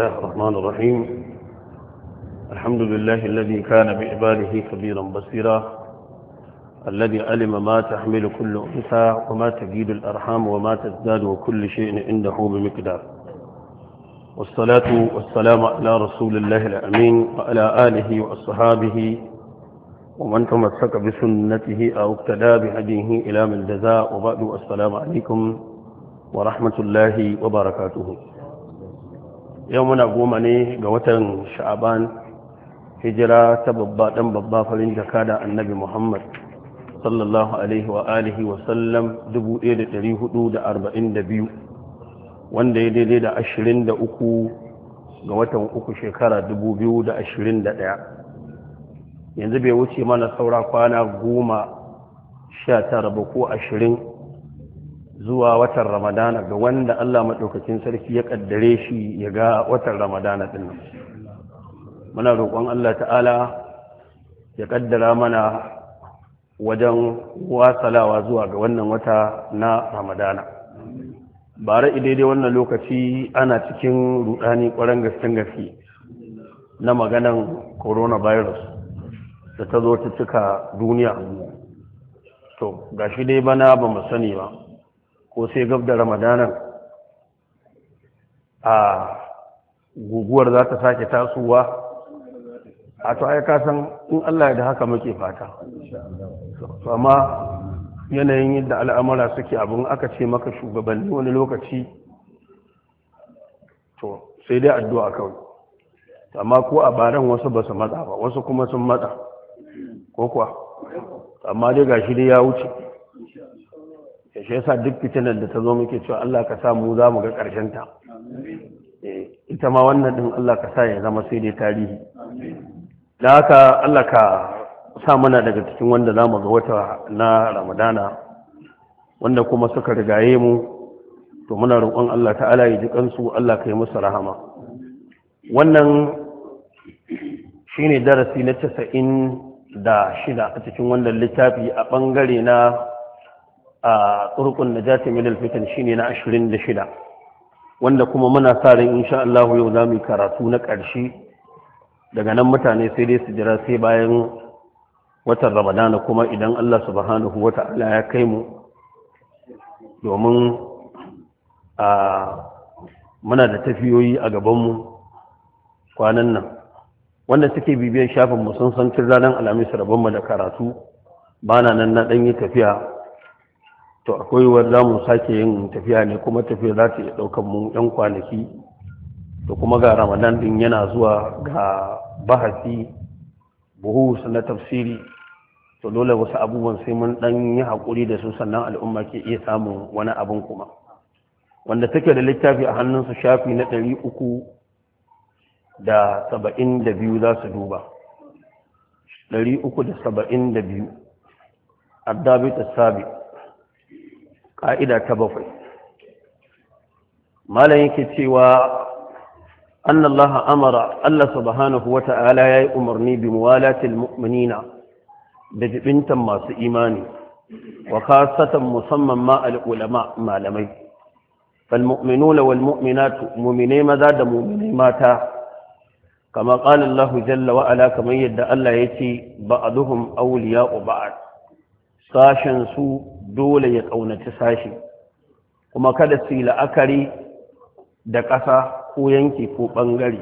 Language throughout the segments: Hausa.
الله الرحمن الرحيم الحمد لله الذي كان بإباله خبيرا بصيرا الذي علم ما تحمل كل أنثى وما تجيد الأرحام وما تزداد وكل شيء عنده بمقدار والصلاة والسلام على رسول الله الأمين وعلى آله وأصحابه ومن تمسك بسنته أو اقتدى بهديه إلى من جزاء وبعد السلام عليكم ورحمة الله وبركاته yau muna goma ne ga watan sha'aban hijira ta babba ɗan babba farin jaka da annabi muhammad sallallahu alaihi wa alihi wa sallam 1442 wanda ya daidai da 23 ga watan uku shekara 2021 yanzu bai wuce mana saura kwana goma sha tara ba ko ashirin zuwa watan ramadana ga wanda Allah maɗaukakin sarki ya ƙaddare shi ya ga watan ramadana ɗin muna roƙon Allah ta'ala ya ƙaddara mana wajen wasalawa zuwa ga wannan wata na ramadana bare daidai wannan lokaci ana cikin rudani ƙwarar gaskin gaske na maganan coronavirus da ta zo ta cika duniya to gashi dai bana ba mu sani ba ko sai gab da ramadanan a guguwar za ta sake tasowa a to ai kasan in Allah ya da haka muke fata to amma yanayin yadda al'amura suke abin aka ce maka shugabanni wani lokaci to sai dai addu'a kawai amma ko a baran wasu ba su matsa ba wasu kuma sun matsa ko kuwa amma dai gashi dai ya wuce da shi yasa duk fitinar da ta zo muke cewa Allah ka sa mu za mu ga ƙarshen ta eh, ita ma wannan ɗin Allah ka sa ya zama sai dai tarihi da haka Allah ka sa mana daga cikin wanda za mu ga wata na Ramadana wanda kuma suka rigaye mu to muna roƙon Allah ta'ala ya ji kansu Allah ka yi musu rahama wannan shine darasi na casa'in da shida a cikin wannan littafi a ɓangare na a turkun najati min alfitan shine na 26 wanda kuma muna sa ran insha Allah yau zamu karatu na ƙarshe daga nan mutane sai dai su jira sai bayan watan Ramadan kuma idan Allah subhanahu wata'ala ya kai mu domin a muna da tafiyoyi a gaban mu kwanan nan wanda suke bibiyar shafin mu sun san tun ranar alhamis rabon mu da karatu bana nan na ɗan tafiya to akwai wanda mu sake yin tafiya ne kuma tafiya za ta iya ɗaukan yan kwanaki da kuma ga ramadan din yana zuwa ga bahasi buhu na tafsiri to dole wasu abubuwan sai mun ɗan yi haƙuri da su sannan al'umma ke iya samun wani abin kuma wanda take da littafi a hannunsu shafi na ɗari uku da saba'in da biyu za su duba ɗari uku da saba'in da biyu addabi ta sabi ƙa’ida ta bakwai Malam yake cewa an Allah amara Allah subhanahu wa ta’ala ya yi umarni bi muwalatil mu’minina da jibintan masu imani wa kasatan musamman ma’al ulama malamai falmu’minuna wal mu’minatu mummine maza da mummine mata kama ƙalin Allah jalla wa’ala kamar yadda Allah ya ce ba a duhun auliya’u ba’ad sashen su dole ya ƙaunaci sashi kuma kada su yi la'akari da ƙasa ko yanki ko ɓangare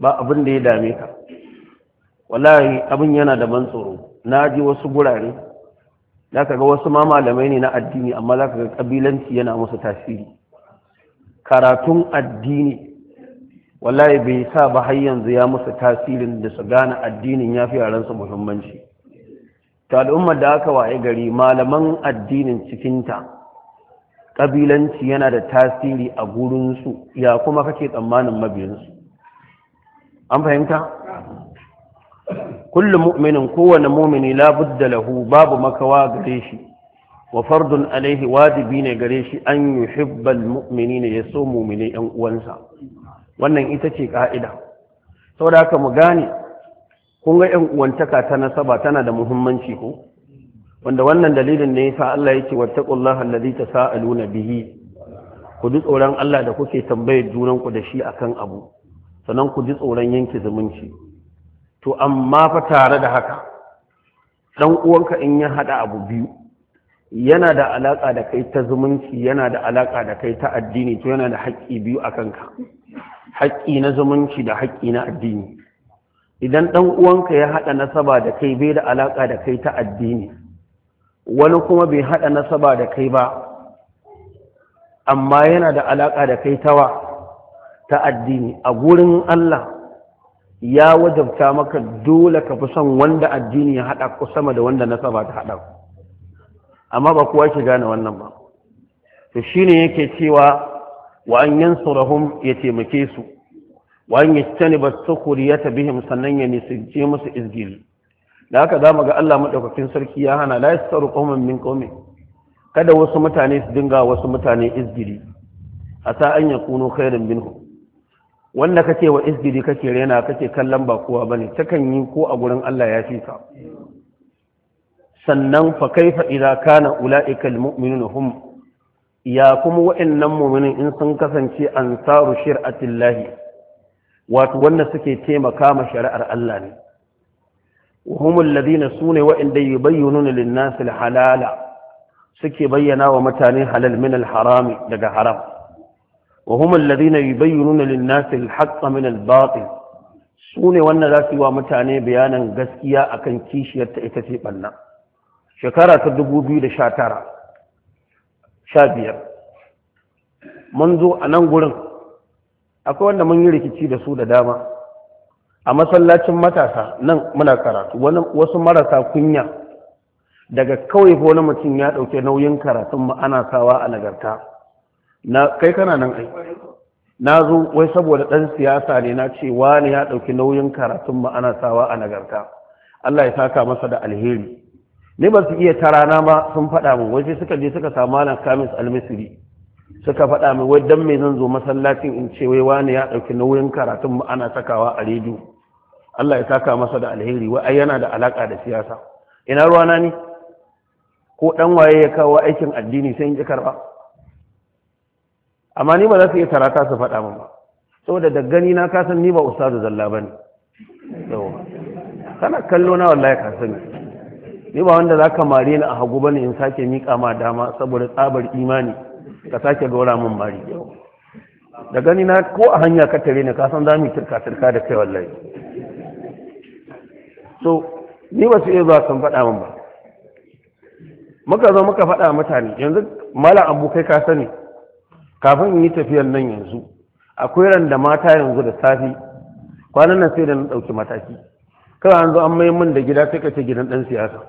ba abin da ya dame ka wallahi abin yana da ban tsoro na ji wasu gurare za ka ga wasu ma malamai ne na addini amma za ka ga ƙabilanci yana musu tasiri karatun addini wallahi bai sa ba har yanzu ya musu tasirin da su gane addinin ya fi yaransu muhimmanci ta madaka da aka waye gari malaman addinin cikinta kabilanci yana da tasiri a gurinsu ya kuma kake tsammanin mabiyansu an fahimta kullum mu'minin kowane mumini labudda lahu babu makawa gare shi wa fardun alaihi wajibi ne gare shi an yi hibbal mu'mini ne ya so mumini 'yan uwansa wannan ita ce ka'ida saboda aka mu gane kun ga 'yan uwantaka ta nasaba tana da muhimmanci ko wanda wannan dalilin ne sa Allah yake ta allazi sa’aluna bihi ku ji tsoron Allah da kuke tambayar junan ku da shi akan abu sannan ku ji tsoron yanke zumunci to amma fa tare da haka dan uwanka in ya haɗa abu biyu yana da alaka da kai ta zumunci yana da alaƙa da kai ta addini to yana da haƙƙi biyu akan ka haƙƙi na zumunci da haƙƙi na addini idan ɗan uwanka ya haɗa nasaba da kai bai da alaƙa da kai ta addini wani kuma bai haɗa nasaba da kai ba amma yana da alaƙa da kai tawa ta addini a gurin Allah ya wajabta maka dole ka fi son wanda addini ya haɗa ku sama da wanda nasaba ta haɗa amma ba kowa ki gane wannan ba to shine yake cewa wa an yansurahum ya taimake su wani ya cani ba ya tafi him sannan ya nisance musu izgili da haka za mu ga Allah maɗaukakin sarki ya hana la yasaru qauman min kada wasu mutane su dinga wasu mutane izgili asa an yakunu khairan minhu wanda kake wa izgili kake rena kake kallon ba kowa bane takan yi ko a gurin Allah ya fi ka sannan fa kaifa idza kana ulaika almu'minuna hum ya kuma wa'annan mu'minin in sun kasance ansaru shir'atillahi wato wanda suke taimaka ma shari'ar Allah ne wahumul ladina sune wa'inda yubayyinuna lin-nasi halala suke bayyana wa mutane halal min al-harami daga haram wahumul ladina yubayyinuna lin-nasi al-haqqa min al-batil sune wanda za su yi wa mutane bayanan gaskiya akan kishiyar ta ita ce banna shekara ta 2019 15 mun zo a nan gurin akwai wanda mun yi rikici da su da dama a masallacin matasa nan muna karatu wasu marasa kunya daga kawai ko wani mutum ya ɗauke nauyin karatun mu ana sawa a nagarta na kai kana nan ai na zo wai saboda ɗan siyasa ne na ce wani ya ɗauki nauyin karatun mu ana sawa a nagarta Allah ya saka masa da alheri ne ba su iya tarana ba sun faɗa mu waje suka je suka samu malam kamis almisiri suka faɗa mai wai don mai zan zo masallacin in ce wai wani ya ɗauki nauyin karatun mu ana sakawa a rediyo Allah ya saka masa da alheri wai yana da alaƙa da siyasa ina ruwana ne ko dan waye ya kawo aikin addini sai in ji karba amma ni ba za su iya tarata su faɗa min ba saboda da gani na kasan ni ba ustazu zalla ba ne kana kallo na wallahi ka sani ni ba wanda za ka mare ni a hagu bane in sake miƙa ma dama saboda tsabar imani ka sake gaura mun mari yau da gani na ko a hanya ka tare ni san za mu tirka tirka da kai wallahi so ni ba su iya zuwa sun faɗa min ba muka zo muka faɗa mutane yanzu mala abu kai ka sani kafin in yi tafiyar nan yanzu akwai ran da mata yanzu da safi kwanan nan sai da na ɗauki mataki kawai an zo an mai mun da gida sai ka ce gidan dan siyasa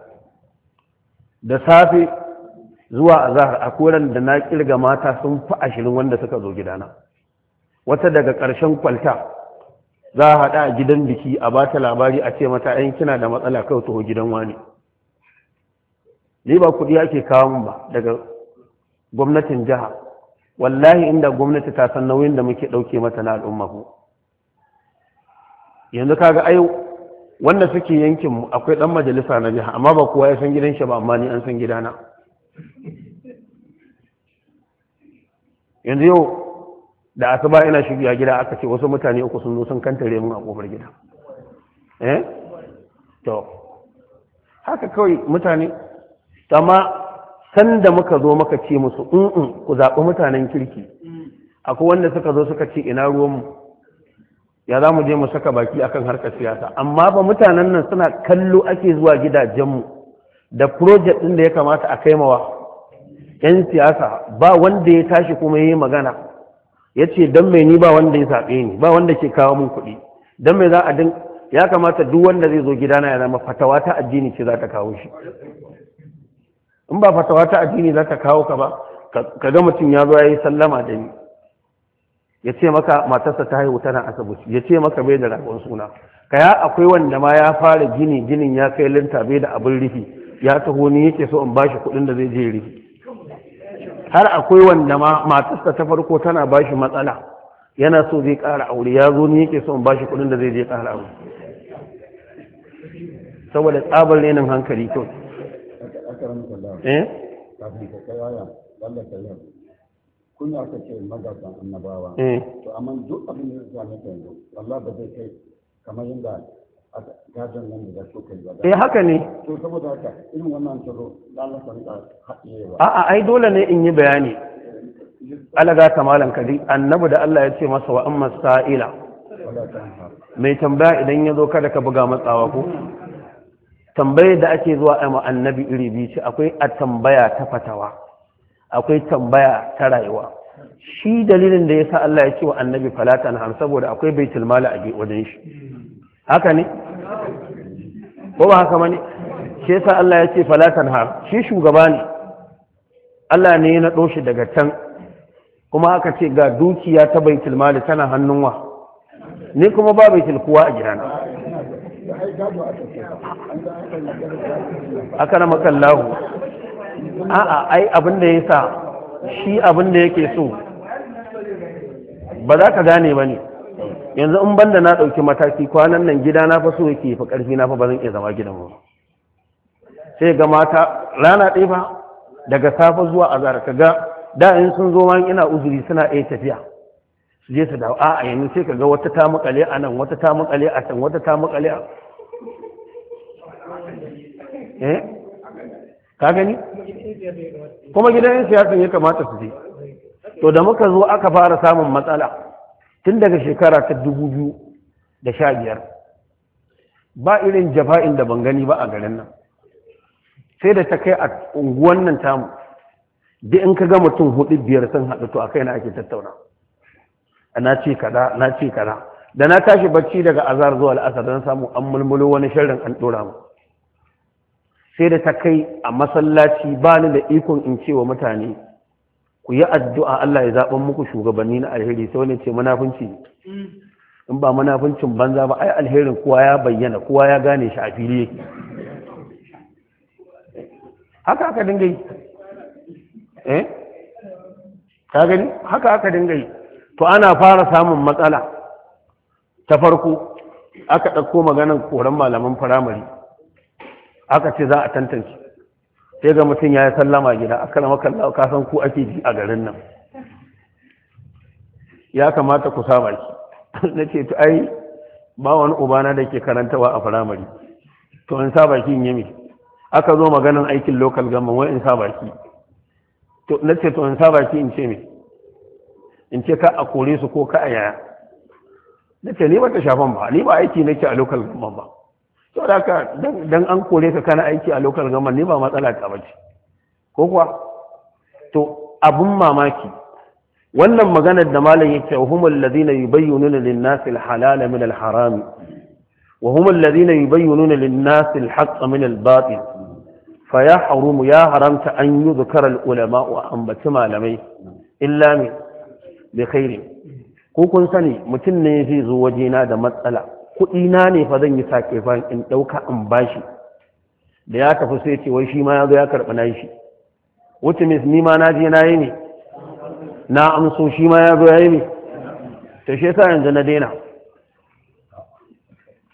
da safe zuwa azahar a koran da na kirga mata sun fi ashirin wanda suka zo gidana wata daga ƙarshen kwalta za a haɗa a gidan biki a ba ta labari a ce mata ‘yan kina da matsala kawai taho gidan wani ni ba kuɗi ake kawo ba daga gwamnatin jiha wallahi inda gwamnati ta san nauyin da muke ɗauke mata na al'umma ku yanzu kaga ayo. wanda suke yankin akwai ɗan majalisa na jiha amma ba kowa ya san gidan shi ba amma ni an san gidana yanzu yau da asuba ina shirya gida aka ce wasu mutane uku sun zo sun kantare mun a kofar gida eh to haka kawai mutane amma sanda muka zo muka ce musu in ku zaɓi mutanen kirki akwai wanda suka zo suka ce ina ruwan mu ya za mu je mu saka baki akan harkar siyasa amma ba mutanen nan suna kallo ake zuwa gidajenmu da project ɗin da ya kamata a kaimawa ‘yan siyasa ba wanda ya tashi kuma yi magana ya ce don mai ni ba wanda ya saɓe ni ba wanda ke kawo mun kuɗi don mai za a din ya kamata duk wanda zai zo gidana ya zama fatawa ta addini ce za ta kawo shi in ba fatawa ta addini za ta kawo ka ba ka ga mutum ya zo ya yi sallama da ni ya ce maka matarsa ta haihu tana asibiti ya ce maka bai da rakon suna kaya akwai wanda ma ya fara gini ginin ya kai linta bai da abin rufi ya taho ni yake so in bashi kuɗin da zai je riki har akwai wanda ma matarsa ta farko tana bashi matsala yana so zai ƙara aure ya zo ni yake so in bashi kuɗin da zai je ƙara aure saboda tsabar renin hankali to eh kun ya ka ce magasan annabawa eh. to amma duk abin da ya zama yanzu ba zai kai kamar yadda gadon eh haka ne to saboda haka irin wannan Allah ka rika haɗewa a'a ai dole ne in yi bayani alaga ta malan kadi annabi da Allah ya ce masa wa amma sa'ila mai tambaya idan ya zo kada ka buga matsawa ko tambayar da ake zuwa a annabi iri biyu ce akwai a tambaya ta fatawa akwai tambaya ta rayuwa shi dalilin da ya sa Allah ya ce wa annabi falatan hamsa saboda akwai bai a wajen shi haka ne ko ba haka mani shi yasa Allah ya ce falatan har shi shugaba ne Allah ne ya naɗo shi daga can kuma aka ce ga dukiya ta baitul mali tana hannun wa ni kuma ba baitul kuwa a gidana aka na makallahu a'a ai abin da ya shi abin da yake so ba za ka gane ba ne yanzu in banda na ɗauki mataki kwanan nan gida na fa so yake fa ƙarfi na fa ba zan iya zama gidan mu sai ga mata rana ɗaya ba daga safe zuwa azara ka ga da in sun zo ma ina uzuri suna iya tafiya su je su dawo a yanzu sai ka ga wata ta makale a nan wata ta makale a can wata ta makale a eh ka gani kuma gidan yin siyasa ya kamata su je to da muka zo aka fara samun matsala tun daga shekara ta dubu biyu da sha biyar ba irin jafa'in da ban gani ba a garin nan sai da ta kai a unguwan nan tamu duk in ka ga mutum hudu biyar sun haɗu to a kai na ake tattauna na ce kada na ce kada da na tashi bacci daga azar zuwa al'asar don samu an mulmulo wani shirin an ɗora mu sai da ta kai a masallaci ba ni da ikon in ce wa mutane ku yi addu'a Allah ya zaɓan muku shugabanni na alheri sai wani ce munafunci mm. in ba munafuncin banza ba ai alherin kowa ya bayyana kowa ya gane shi a fili yake haka aka dinga yi eh ka gani haka aka dinga yi to ana fara samun matsala ta farko aka ɗauko maganar koran malaman firamare aka ce za a tantance sai ga mutum ya yi sallama gida a kan makallawa kasan ku ake ji a garin nan ya kamata ku sama ki na ce tu ai ba wani ubana da ke karantawa a firamare to in sa ki in yami aka zo maganin aikin lokal gamba wai in sa ki to na ce to in sa ki in ce me in ce ka a kore su ko ka a yaya na ce ni ba ta shafan ba ni ba aiki nake a lokal gamba. ba to da ka dan an kore ka kana aiki a lokal gama ne ba matsala ka bace ko kuwa to abun mamaki wannan maganar da malam yake humul ladina yubayyinuna lin-nas al-halal min al-haram wa humul ladina yubayyinuna lin-nas al-haqq min al-batil an yi حرمت أن wa an bati malamai. illa min bi khairi ko kun sani mutum ne zai zo waje na da matsala kuɗi na ne fa zan yi sake fa in ɗauka in bashi da ya tafi sai ce wai shi ma ya zo ya karɓi na shi wuce mis ni ma na je na yi ne na amso shi ma ya zo ya yi ne ta shi yasa yanzu na daina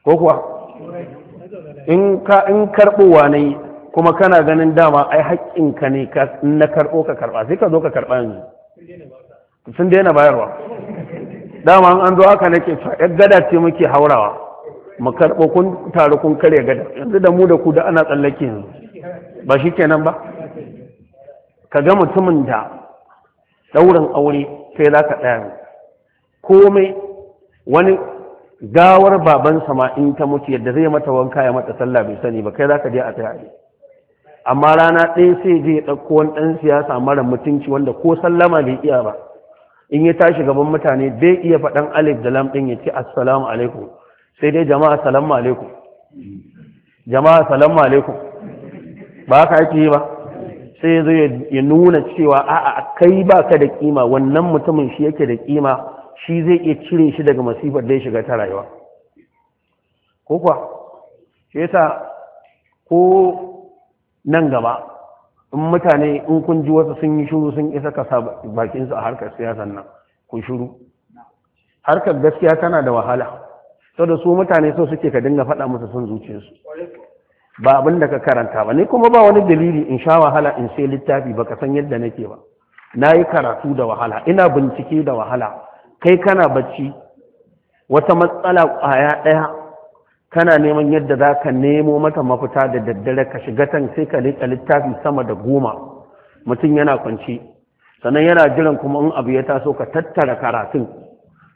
ko kuwa in ka in na yi kuma kana ganin dama ai haƙƙinka ne ka na karɓo ka karɓa sai ka zo ka karɓa yanzu sun daina bayarwa dama an zo aka nake cewa yar gada ce muke haurawa mu karɓo kun taru kun kare gada yanzu da mu da ku da ana tsallake yanzu ba shi kenan ba ka ga mutumin da ɗaurin aure sai za ka ɗaya komai wani gawar babansa ma in ta mutu yadda zai mata wanka ya mata sallah bai sani ba kai za ka je a tsaya amma rana ɗaya sai je ya ɗauko wani ɗan siyasa mara mutunci wanda ko sallama bai iya ba in ya tashi gaban mutane bai iya faɗan alif da lam ɗin ya ce assalamu alaikum sai dai jama'a salamu alaikum jama'a salamu alaikum ba ka ake yi ba sai zai ya nuna cewa a'a kai ba ka da kima wannan mutumin shi yake da kima shi zai iya cire shi daga masifar da ya shiga ta rayuwa ko kuwa ko nan gaba in mutane in kun ji wasu sun yi shuru sun isa kasa bakinsu a harkar siyasan nan ku shuru harkar gaskiya tana da wahala sau da su mutane so suke ka dinga faɗa musu sun zuciyarsu ba abin da ka karanta ba ni kuma ba wani dalili in sha wahala in sai littafi ba ka san yadda nake ba na yi karatu da wahala ina bincike da wahala kai kana bacci wata matsala ƙwaya ɗaya kana neman yadda za ka nemo mata mafita da daddare ka shiga tan sai ka liƙa littafi sama da goma mutum yana kwanci sannan yana jiran kuma in abu ya taso ka tattara karatun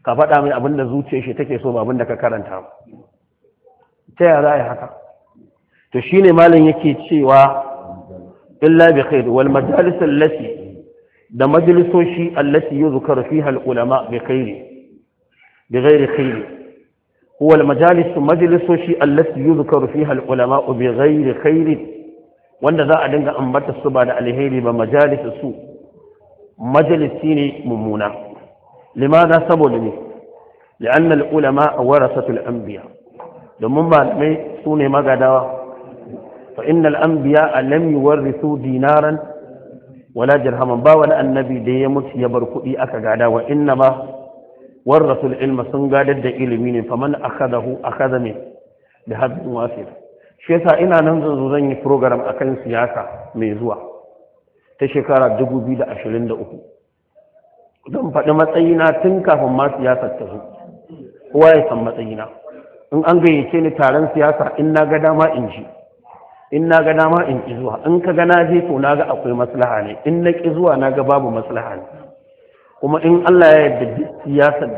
ka faɗa mai abin da zuciyar shi take so ba abin da ka karanta ta ya za a yi haka to shi ne malam yake cewa illa bi khair wal majalis allati da majalisoshi allati yuzkaru fiha al ulama bi khairi bi ghairi هو المجالس مجلس شيء ka يذكر فيها العلماء بغير خير wanda za a dinga ambata su ba da alheri ba majalisa su majalisi ne mummuna limada saboda ne li'anna al-ulama warasatul anbiya domin malamai su ne magadawa fa innal anbiya lam yuwarrisu dinaran wala dirhaman ba wani annabi da ya mutu ya bar kuɗi aka gada wa inna ma warasul ilma sun gadar da ilimi ne faman a akada ne da haddin wasir shi yasa ina nan zan zan yi program a kan siyasa mai zuwa ta shekara 2023 zan faɗi matsayina tun kafin ma siyasar ta zo kowa ya san matsayina in an gayyace ni taron siyasa in na ga dama in ji in na ga dama in ki zuwa in ka ga na je to na ga akwai maslaha ne in na ki zuwa na ga babu maslaha ne kuma in Allah ya yarda duk siyasar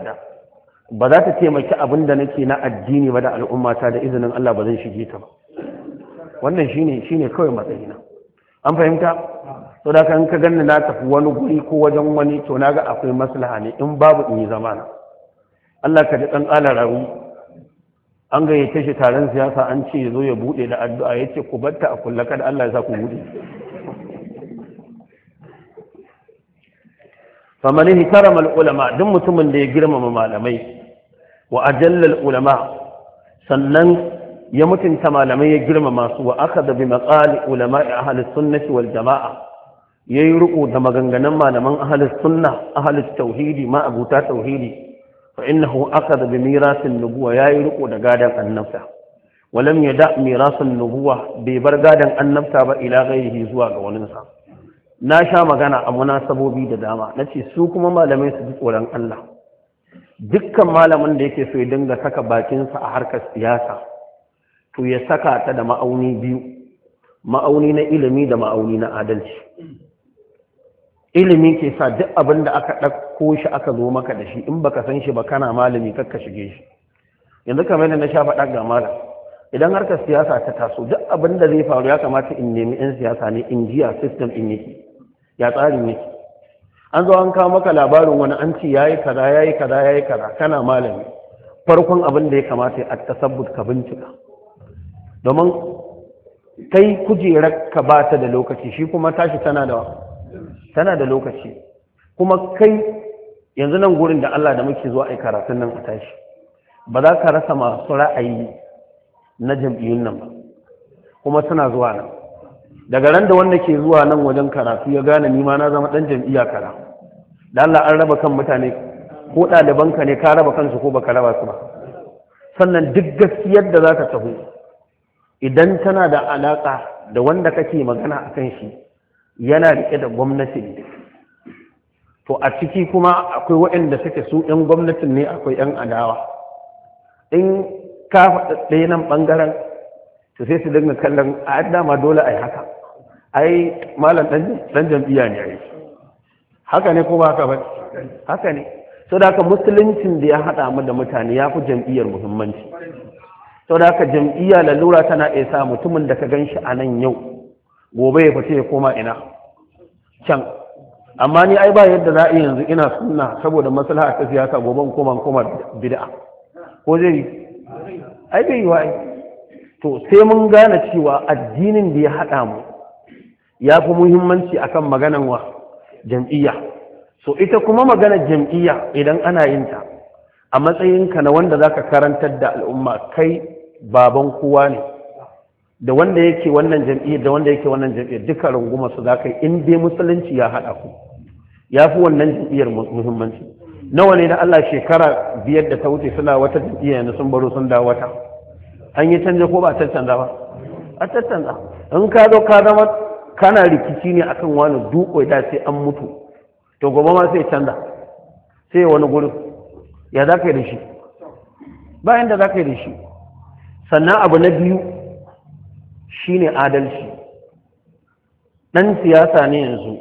ba za ta taimaki abin da nake na addini ba da al'ummata da izinin Allah ba zan shige ta ba wannan shine shine kawai matsayina an fahimta to da kan ka ganni na tafi wani guri ko wajen wani to naga akwai maslaha ne in babu in yi zamana Allah ka ji dan ƙala rawi an gayyace shi taron siyasa an ce ya zo ya bude da addu'a yace ku batta a kullaka da Allah ya sa ku bude فمن احترم ulama duk mutumin da ya girmama malamai wa ajallar ulama sannan ya mutunta malamai ya girmama su wa akhadha bi maqali ulama ahli sunnati wal jamaa yayi riko da maganganun malaman ahli sunna ahli tauhidi ma abuta tauhidi fa innahu akhadha bi mirasin nubuwa yayi riko da gadan annabta walam da mirasan nubuwa bai bar gadan annabta ba ila ghairihi zuwa ga waninsa na sha magana a munasabobi da dama na ce su kuma malamai su ji tsoron Allah dukkan malamin da yake so ya dinga saka bakinsa a harkar siyasa to ya saka ta da ma'auni biyu ma'auni na ilimi da ma'auni na adalci ilimi ke sa duk abin da aka ɗauko shi aka zo maka da shi in baka san shi ba kana malami kakka shige shi yanzu kamar yadda na sha faɗa ga malam idan harkar siyasa ta taso duk abin da zai faru ya kamata in nemi 'yan siyasa ne in jiya system in yake ya tsarin yake an zo an kawo maka labarin wani an ce yayi kaza yayi kaza yayi kaza kana malami farkon abin da ya kamata a tasabbut ka bincika domin kai kujerar ka ba ta da lokaci shi kuma tashi tana da tana da lokaci kuma kai yanzu nan gurin da Allah da muke zuwa ai karatun nan a tashi ba za ka rasa masu ra'ayi na jam'iyyun nan ba kuma suna zuwa nan daga ran da wanda ke zuwa nan wajen karatu ya gane nima na zama ɗan jam'iyya kara da Allah an raba kan mutane ko ɗaliban ka ne ka raba kansu ko baka raba su ba sannan duk gaskiyar da za ka taho idan tana da alaƙa da wanda kake magana a kan shi yana rike da gwamnati ne to a ciki kuma akwai waɗanda suke su 'yan gwamnatin ne akwai 'yan adawa in ka faɗaɗɗe nan ɓangaren to sai su dinga kallon a dama dole a yi haka ai malam dan jam'iyya ne ai haka ne ko ba haka ba haka ne sau da haka musuluncin da ya haɗa mu da mutane ya fi jam'iyyar muhimmanci sau da haka jam'iyya lalura tana iya sa mutumin da ka gan shi a nan yau gobe ya fice ya koma ina can amma ni ai ba yadda za a yanzu ina sunna saboda maslaha ta siyasa gobe koma koma bid'a ko zai ai bai yi wa ai to sai mun gane cewa addinin da ya haɗa mu ya fi muhimmanci akan maganan wa jam'iyya so ita kuma maganar jam'iyya idan ana yin ta a matsayinka na wanda zaka karantar da al'umma kai baban kowa ne da wanda yake wannan jam'iyyar da wanda yake wannan jam'iyyar duka runguma su ka yi in dai musulunci ya haɗa ku ya fi wannan jam'iyyar muhimmanci nawa ne da Allah shekara biyar da ta wuce suna wata jam'iyya na sun baro sun da wata an yi canza ko ba tattanza ba a tattanza in ka zo ka zama kana rikici ne akan wani duko da sai an mutu to gobe ma sai canza sai wani gurin ya za ka yi da shi bayan da za ka yi da shi sannan abu na biyu shine adalci ɗan siyasa ne yanzu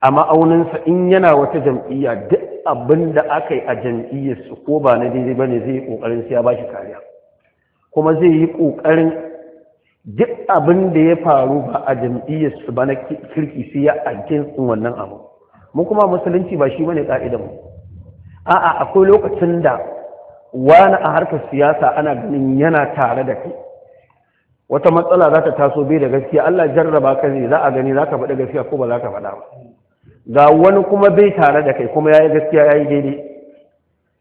a ma'auninsa in yana wata jam'iyya duk abin da aka yi a jam'iyyarsu ko ba na daidai ba ne zai yi ƙoƙarin siya ba shi kariya kuma zai yi ƙoƙarin duk abin da ya faru ba a jam'iyyarsu ba na kirki sai ya akin wannan abu mu kuma musulunci ba shi bane ka'idan mu a'a akwai lokacin da wani a harkar siyasa ana ganin yana tare da kai wata matsala za ta taso bai da gaskiya Allah jarraba ka ne za a gani za ka faɗi gaskiya ko ba za ka faɗa ba ga wani kuma bai tare da kai kuma ya yi gaskiya ya yi daidai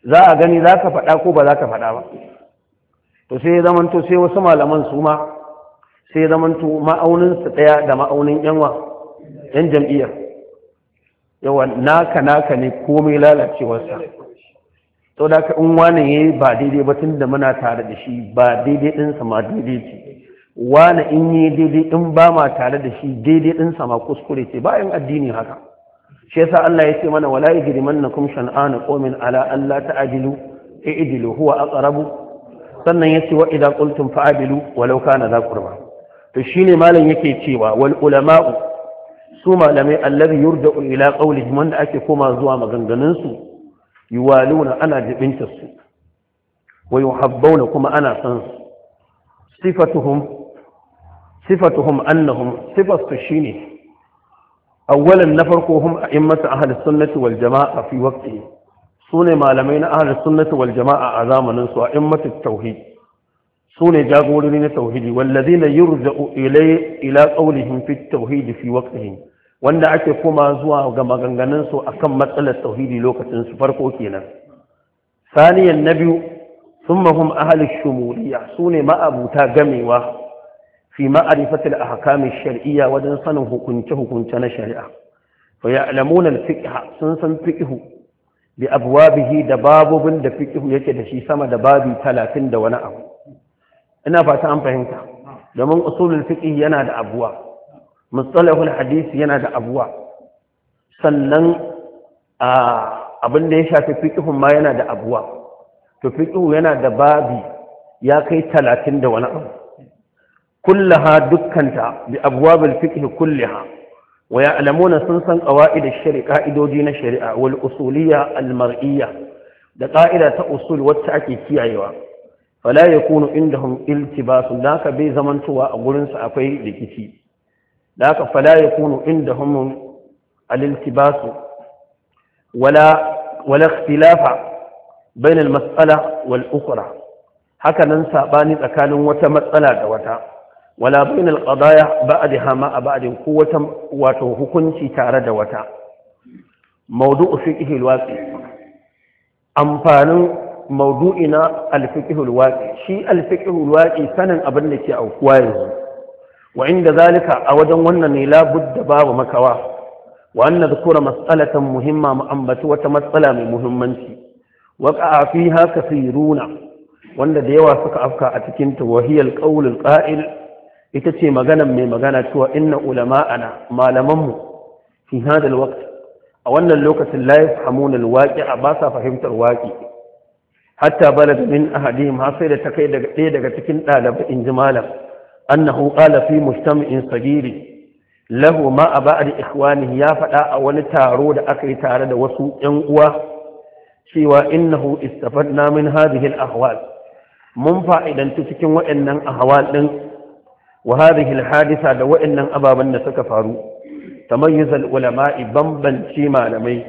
za a gani za ka faɗa ko ba za ka faɗa ba to sai ya zamanto sai wasu malaman su ma sai ya zamanto ma'aunin su daya da ma'aunin yanwa yan jam'iyyar yawa naka naka ne komai lalacewarsa to da ka in wani yayi ba daidai ba tunda muna tare da shi ba daidai din ma daidai ce wani in yi daidai in ba ma tare da shi daidai ɗinsa ma kuskure ce bayan addini haka shi yasa Allah ya ce mana wala yajrimannakum shan'anu qawmin ala alla ta'dilu i'dilu huwa aqrabu sannan ce wa idan qultum fa'adilu walau kana za qurba to shine malam yake cewa wal ulama'u su malamai allazi yurda'u ila qawlihim wanda ake koma zuwa maganganun su yuwaluna ana jibinta su wa yuhabbuna kuma ana san su sifatuhum sifatuhum annahum sifatu shine awwalan na farko hum a'immatu ahli sunnati wal jama'a fi waqtihi su ne malamai na ahalar sunnati wal jama'a a zamanin su a immatin tauhid su ne jagorori na tauhidi wallazi na yurja'u ilai ila qawlihim fi tauhid fi waqtihim wanda ake koma zuwa ga maganganun su kan matsalar tauhidi lokacin su farko kenan saniyan na biyu thumma hum ahli shumuliyya su ne ma'abuta gamewa fi a hakamin shar'iyya wajen sanin hukunce hukunce na shari'a fa ya'lamuna al-fiqh sun san fiqh bi abwabihi da babobin da fiqh yake da shi sama da babi talatin da wani abu ina fata an fahimta domin usulul fiƙi yana da abwa mustalahul hadisi yana da abuwa. sannan abin da ya shafi fiqhun ma yana da abuwa. to fiƙihu yana da babi ya kai talatin da wani abu kullaha dukkanta bi abwabil fiqh kullaha Waya alamuna sun san qawaid ash-shari'a ka'idoji na shari'a wal usuliyya al da ƙa'ida ta usul wacce ake kiyayewa fala yakunu indahum iltibasu da ka bai zamantowa a gurinsu sa akwai rikici da ka fala yakunu indahum al-iltibasu wala wala ikhtilafa bain al-mas'ala wal ukhra haka nan tsakanin wata matsala da wata wala bainal qadaya ba'daha ma ba'din ko wata wato hukunci tare da wata mawdu'u fiqhi alwaqi amfanin mawdu'ina alfiqhi alwaqi shi alfiqhi alwaqi sanin abin da ke aukuwa yanzu wa inda zalika a wajen wannan ne la budda babu makawa wa an nadhkura mas'alatan muhimma mu'ammatu wata matsala mai muhimmanci waqa fiha kathiruna wanda da yawa suka afka a cikin tawhiyal qaulul qa'il ita ce maganan mai magana cewa inna ulama'ana malamanmu fi hadal waqt a wannan lokacin la yafhamuna alwaqi'a ba sa fahimtar waqi hatta balad min ahadihim har sai da ta kai daga ɗaya daga cikin ɗalibai in ji malam annahu qala fi mujtama'in sagiri lahu ma a ba'ad ikhwanihi ya faɗa a wani taro da aka yi tare da wasu ƴan uwa cewa innahu istafadna min hadhihi al-ahwal mun fa'idantu cikin waɗannan ahwal din wa hadhihi da waɗannan ababan da suka faru tamayyuz ulama'i bambance malamai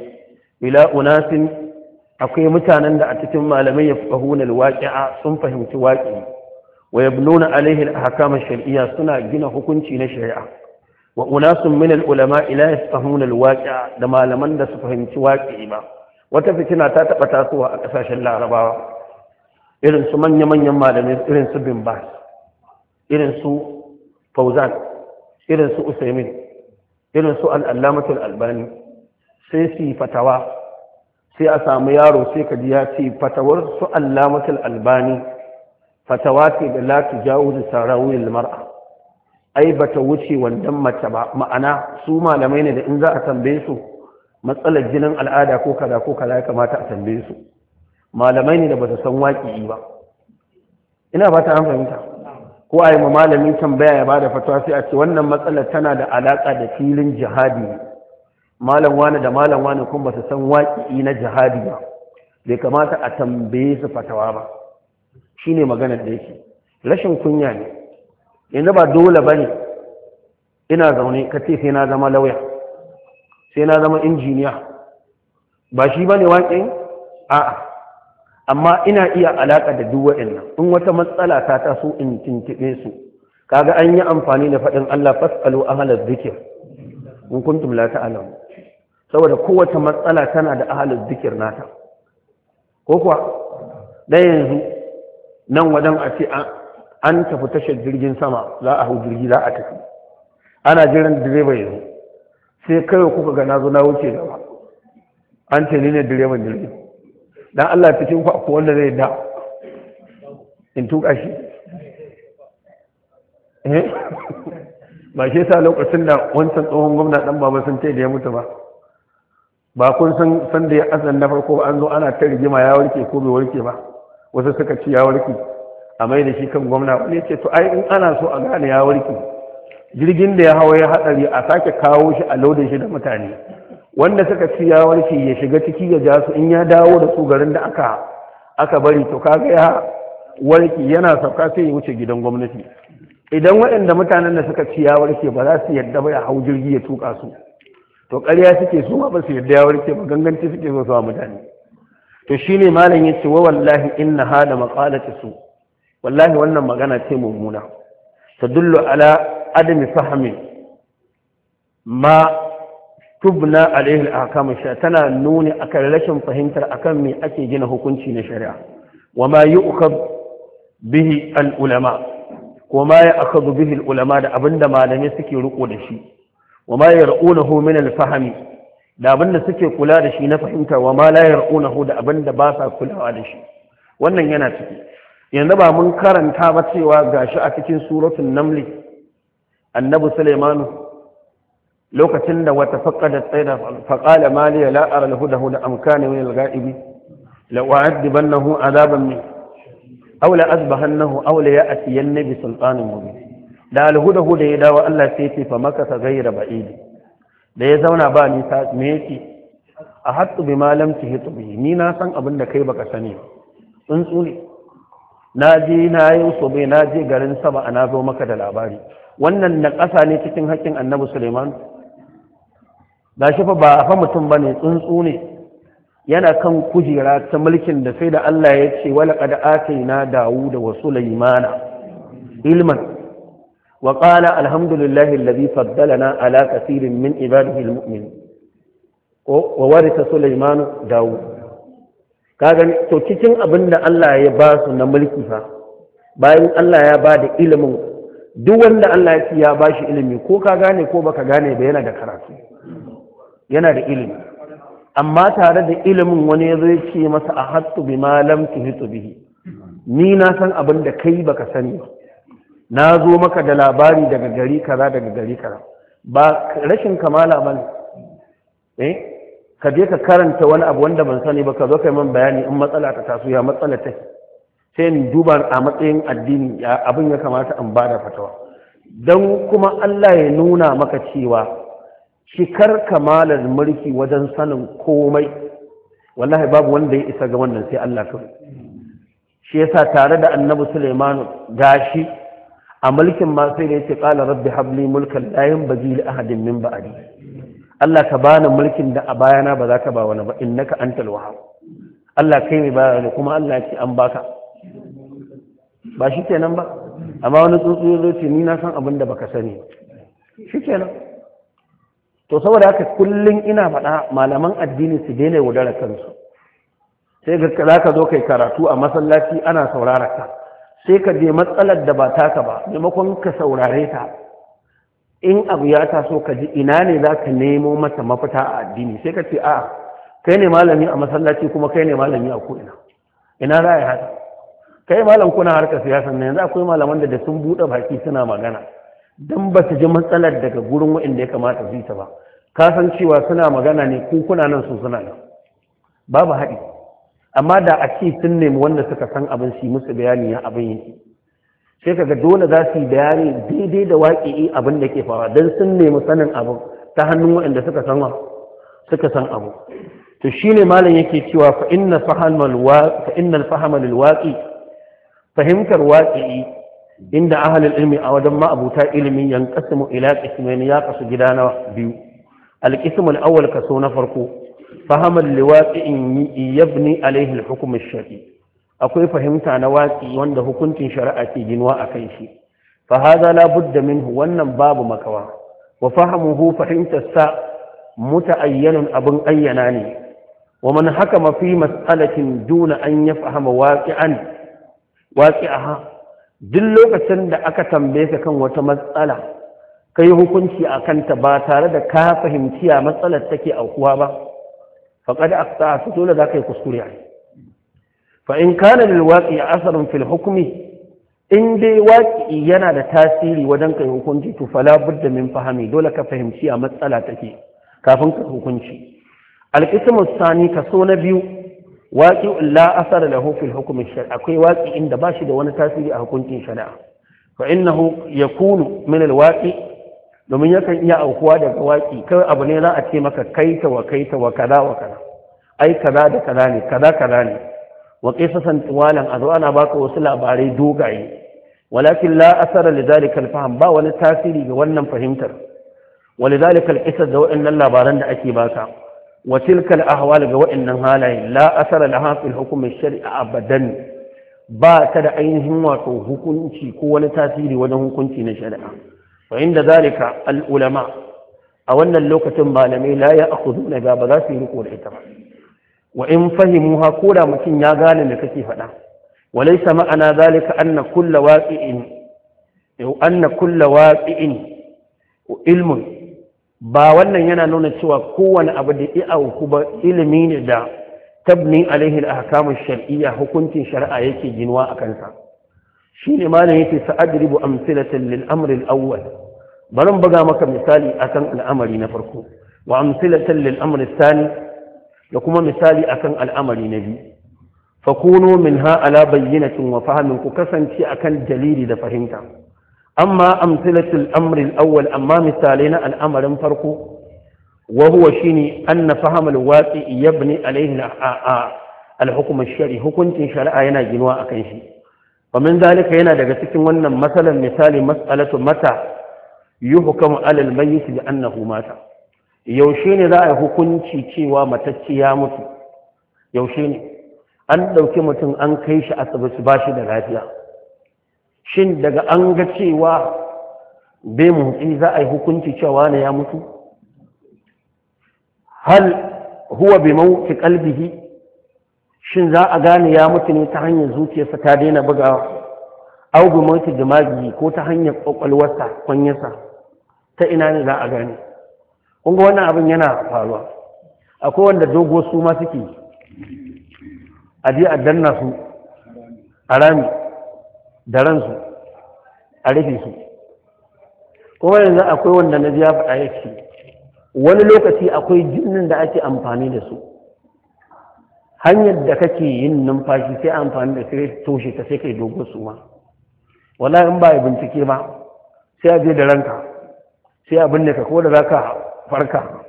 ila akwai mutanen da a cikin malamai ya fahuna alwaqi'a sun fahimci waqi wa alaihin alaihi alahkam alshar'iyya suna gina hukunci na shari'a wa unasun min alulama'i la yafhamuna alwaqi'a da malaman da su fahimci waqi ba wata fitina ta taba tasowa a kasashen larabawa irin su manya-manyan malamai irin su bin irin su fauzan irin su usaimin irin su al'allamatul albani sai su yi fatawa sai a samu yaro sai ka ya ce fatawar su al'allamatul albani fatawa ce da lati jawo da sarawiyar mar'a ai ba ta wuce wandan mace ba ma'ana su malamai ne da in za a tambaye su matsalar jinin al'ada ko kaza ko kaza ya kamata a tambaye su malamai ne da ba su san waƙi ba ina ba ta an fahimta ko a yi malamin tambaya ya bada fatwa sai a ce wannan matsalar tana da alaƙa da filin jihadi malam wani da malam wani kuma su san waƙi na jihadi ba bai kamata a tambaye su fatawa ba shine maganar da yake rashin kunya ne yanzu ba dole ba ne ina zaune ka ce sai na zama lauya sai na zama injiniya ba shi ba ne a'a amma ina iya alaƙa da duk wa'annan in wata matsala ta taso in tintiɓe su kaga an yi amfani da faɗin Allah fasalu ahlaz zikir in kuntum la ta'lam saboda kowace matsala tana da ahlaz zikir nata ko kuwa da yanzu nan wadan a ce an tafi tashar jirgin sama za a hau jirgi za a tafi ana jiran direba yanzu sai kai kuka ga nazo na wuce ba. an ce ni ne direban jirgin dan Allah fitin ku akwai wanda zai da in tuka shi eh ba shi sa lokacin da wancan tsohon gwamna dan baba sun ce da ya mutu ba ba kun san san da ya azan na farko an zo ana ta rigima ya warke ko bai warke ba wasu suka ci ya warke a mai da shi kan gwamna wani ya ce to ai in ana so a gane ya warke jirgin da ya hawa ya hadari a sake kawo shi a lodin shi da mutane wanda suka ci ya ya shiga ciki ya ja su in ya dawo da su garin da aka aka bari to kaga ya warke yana sauka sai ya wuce gidan gwamnati idan waɗanda mutanen da suka ci ya warke ba za su yadda ba ya hau jirgi ya tuka su to ƙarya suke su ba su yadda ya warke ba ganganci suke so su mutane to shine malam yace wa wallahi inna hada maqalati su wallahi wannan magana ce mummuna tadullu ala adami fahmi ma tubna alaihi al-ahkam tana nuni akan rashin fahimtar akan me ake gina hukunci na shari'a wa ma yu'khad bihi al-ulama ko ma ya'khadhu bihi al-ulama da abinda malamai suke riko da shi wa ma yar'unahu min al-fahmi da abinda suke kula da shi na fahimta wa ma la yar'unahu da abinda ba sa kulawa da shi wannan yana ciki yanzu ba mun karanta ba cewa gashi a cikin suratul naml annabi sulaimanu lokacin da wata faƙada tsaida faƙala maliya la'ar alhudahu da amkani min alga'ibi la wa'addibannahu azaban min aw la azbahannahu aw la ya'tiyan nabi sultanin mubin da alhudahu da ya dawo Allah sai ce fa maka ta gaira ba'idi da ya zauna ba ni ta me yake a hattu bi malam tuhitu bi ni na san abin da kai baka sani tsuntsu ne na je na yi sobe na je garin saba a na zo maka da labari wannan na ƙasa ne cikin haƙƙin annabi suleiman ga shi fa ba fa mutum bane tsuntsu ne yana kan kujera ta mulkin da sai da Allah ya ce wala qad atayna dawuda wa sulaymana ilman wa qala alhamdulillahi alladhi faddalana ala kathirin min ibadihi almu'minin wa warisa sulaymanu dawud kaga to cikin abinda da Allah ya ba su na mulki fa bayan Allah ya ba da ilimin duk wanda Allah ya ci ya ba shi ilimi ko ka gane ko baka gane ba yana da karatu yana da ilimi amma tare da ilimin wani ya zai ce masa a hattu bi malam tuhitu bihi ni na san abin da kai baka sani na zo maka da labari daga gari kaza daga gari kaza ba rashin kamala ba eh ka je ka karanta wani abu wanda ban sani ba ka zo kai man bayani in matsala ta taso ya matsala ta sai in duba a matsayin addini abin ya kamata in bada fatawa dan kuma Allah ya nuna maka cewa cikar kamalar mulki wajen sanin komai wallahi babu wanda ya isa ga wannan sai Allah kawai shi yasa tare da annabi Sulaiman gashi a mulkin ma sai da yake qala rabbi habli mulkan la yanbaghi li ahadin min ba'di Allah ka bani mulkin da a bayana ba za ka ba wani ba innaka antal wahhab Allah kai mai ne kuma Allah ya ce an baka ba shi kenan ba amma wani tsuntsu ya zo ce ni na san abin da baka sani shi kenan to saboda haka kullum ina faɗa malaman addini su daina yaudara kansu sai ga za ka zo kai karatu a masallaci ana saurara ka sai ka je matsalar da ba taka ba maimakon ka saurare ta in abu ya taso ka ji ina ne za ka nemo mata mafita a addini sai ka ce a kai ne malami a masallaci kuma kai ne malami a ko'ina ina za a yi haka kai malam kuna harkar siyasa ne yanzu akwai malaman da sun buɗe baki suna magana don ba ta ji matsalar daga gurin waɗanda ya kamata su yi ta ba ka san cewa suna magana ne ko kuna nan su suna nan babu haɗi amma da a ce sun nemi wanda suka san abin su musu bayani ya abin yi. sai kaga dole za su yi bayani daidai da waƙi abin da ke faruwa don sun nemi sanin abin ta hannun waɗanda suka san abu to shine malam yake cewa fa inna fahamal fa fahimtar inda ahalul ilmi a wajen ma'abuta ilimi yan kasimu ila qismaini ya kasu gida na biyu al-qism kaso na farko fahamar liwaqi'in yabni alaihi al-hukm ash-shari akwai fahimta na waki wanda hukuncin shari'a ke ginuwa akan shi fa la budda minhu wannan babu makawa wa fahimtar sa muta'ayyanun abin ayyana ne wa man hakama fi mas'alatin duna an yafhama waqi'an waqi'aha duk lokacin da aka tambaye ka kan wata matsala ka yi hukunci a kanta ba tare da ka fahimci a matsalar take aukuwa ba faƙaɗa a ta su dole za ka yi kuskure fa in kana da waƙi asarin fil hukumi in dai waƙi yana da tasiri wajen kai hukunci to fala budda min fahami dole ka fahimci a matsala take kafin ka hukunci alƙismu sani kaso na biyu waƙi la asara lahu fil hukumin shari'a akwai waƙi inda ba shi da wani tasiri a hukuncin shari'a fa innahu yakunu min al waqi domin yakan iya aukuwa daga waƙi kai abu ne za a ce maka kaita wa kaita wa kaza wa kaza ai kaza da kaza ne kaza kaza ne wa qisasan tawalan azu ana baka wasu labarai dogaye walakin la asara lidhalika al fahm ba wani tasiri ga wannan fahimtar walidhalika al qisas da waɗannan labaran da ake baka wa tilkal ahwal ga wa'annan halaye la asara laha fil hukm shari'a ba ta da ainihin wato hukunci ko wani tasiri wajen hukunci na shari'a Wa inda zalika al'ulama a wannan lokacin malamai la ya akhuduna ga ba za su yi riko da ita ba wa in fahimuha ko da mutum ya gane da kake faɗa وليس معنى ذلك أن كل واقع أن كل واقع ilmun. ba wannan yana nuna cewa kowane abu da ya auku ba ilimi ne da tabni alaihi al-ahkamu shar'iyya hukuncin shari'a yake ginuwa a kansa shine malam yake sa'adribu amsilatan lil amri al-awwal bari buga maka misali akan al'amari na farko wa amsilatan lil amri thani da kuma misali akan al'amari na biyu fakunu minha ala bayyinatin wa fahmin ku kasance akan dalili da fahimta amma amsilatul amril awwal amma misalai na al'amarin farko wa huwa shine anna fahamal waqi yabni alayhi al-hukm shari hukuncin shari'a yana ginuwa akan shi ومن zalika yana daga cikin wannan masalan misali mas'alatu mata yuhkamu alal mayyit bi annahu mata yaushe ne za a yi hukunci cewa matacce ya mutu yaushe ne an ɗauki mutum an kai shi asibiti ba shi da lafiya shin daga an ga cewa bai motsi za a yi hukunci cewa na ya mutu hal huwa bai mawuki kalbihi shin za a gane ya mutu ne ta hanyar zuciyarsa ta daina bugawa au bai mawuki jimagi ko ta hanyar kwakwalwarsa kwanyarsa ta ina ne za a gane kunga wannan abin yana faruwa akwai wanda dogo su ma suke a je a danna su a rami da ransu a rufe su kuma yanzu akwai wanda na biya faɗa ya ce wani lokaci akwai jinnin da ake amfani da su hanyar da kake yin numfashi sai amfani da sai toshe ta sai kai dogon su ma wala in ba bincike ba sai a je da ranka sai abin binne ka ko da za ka farka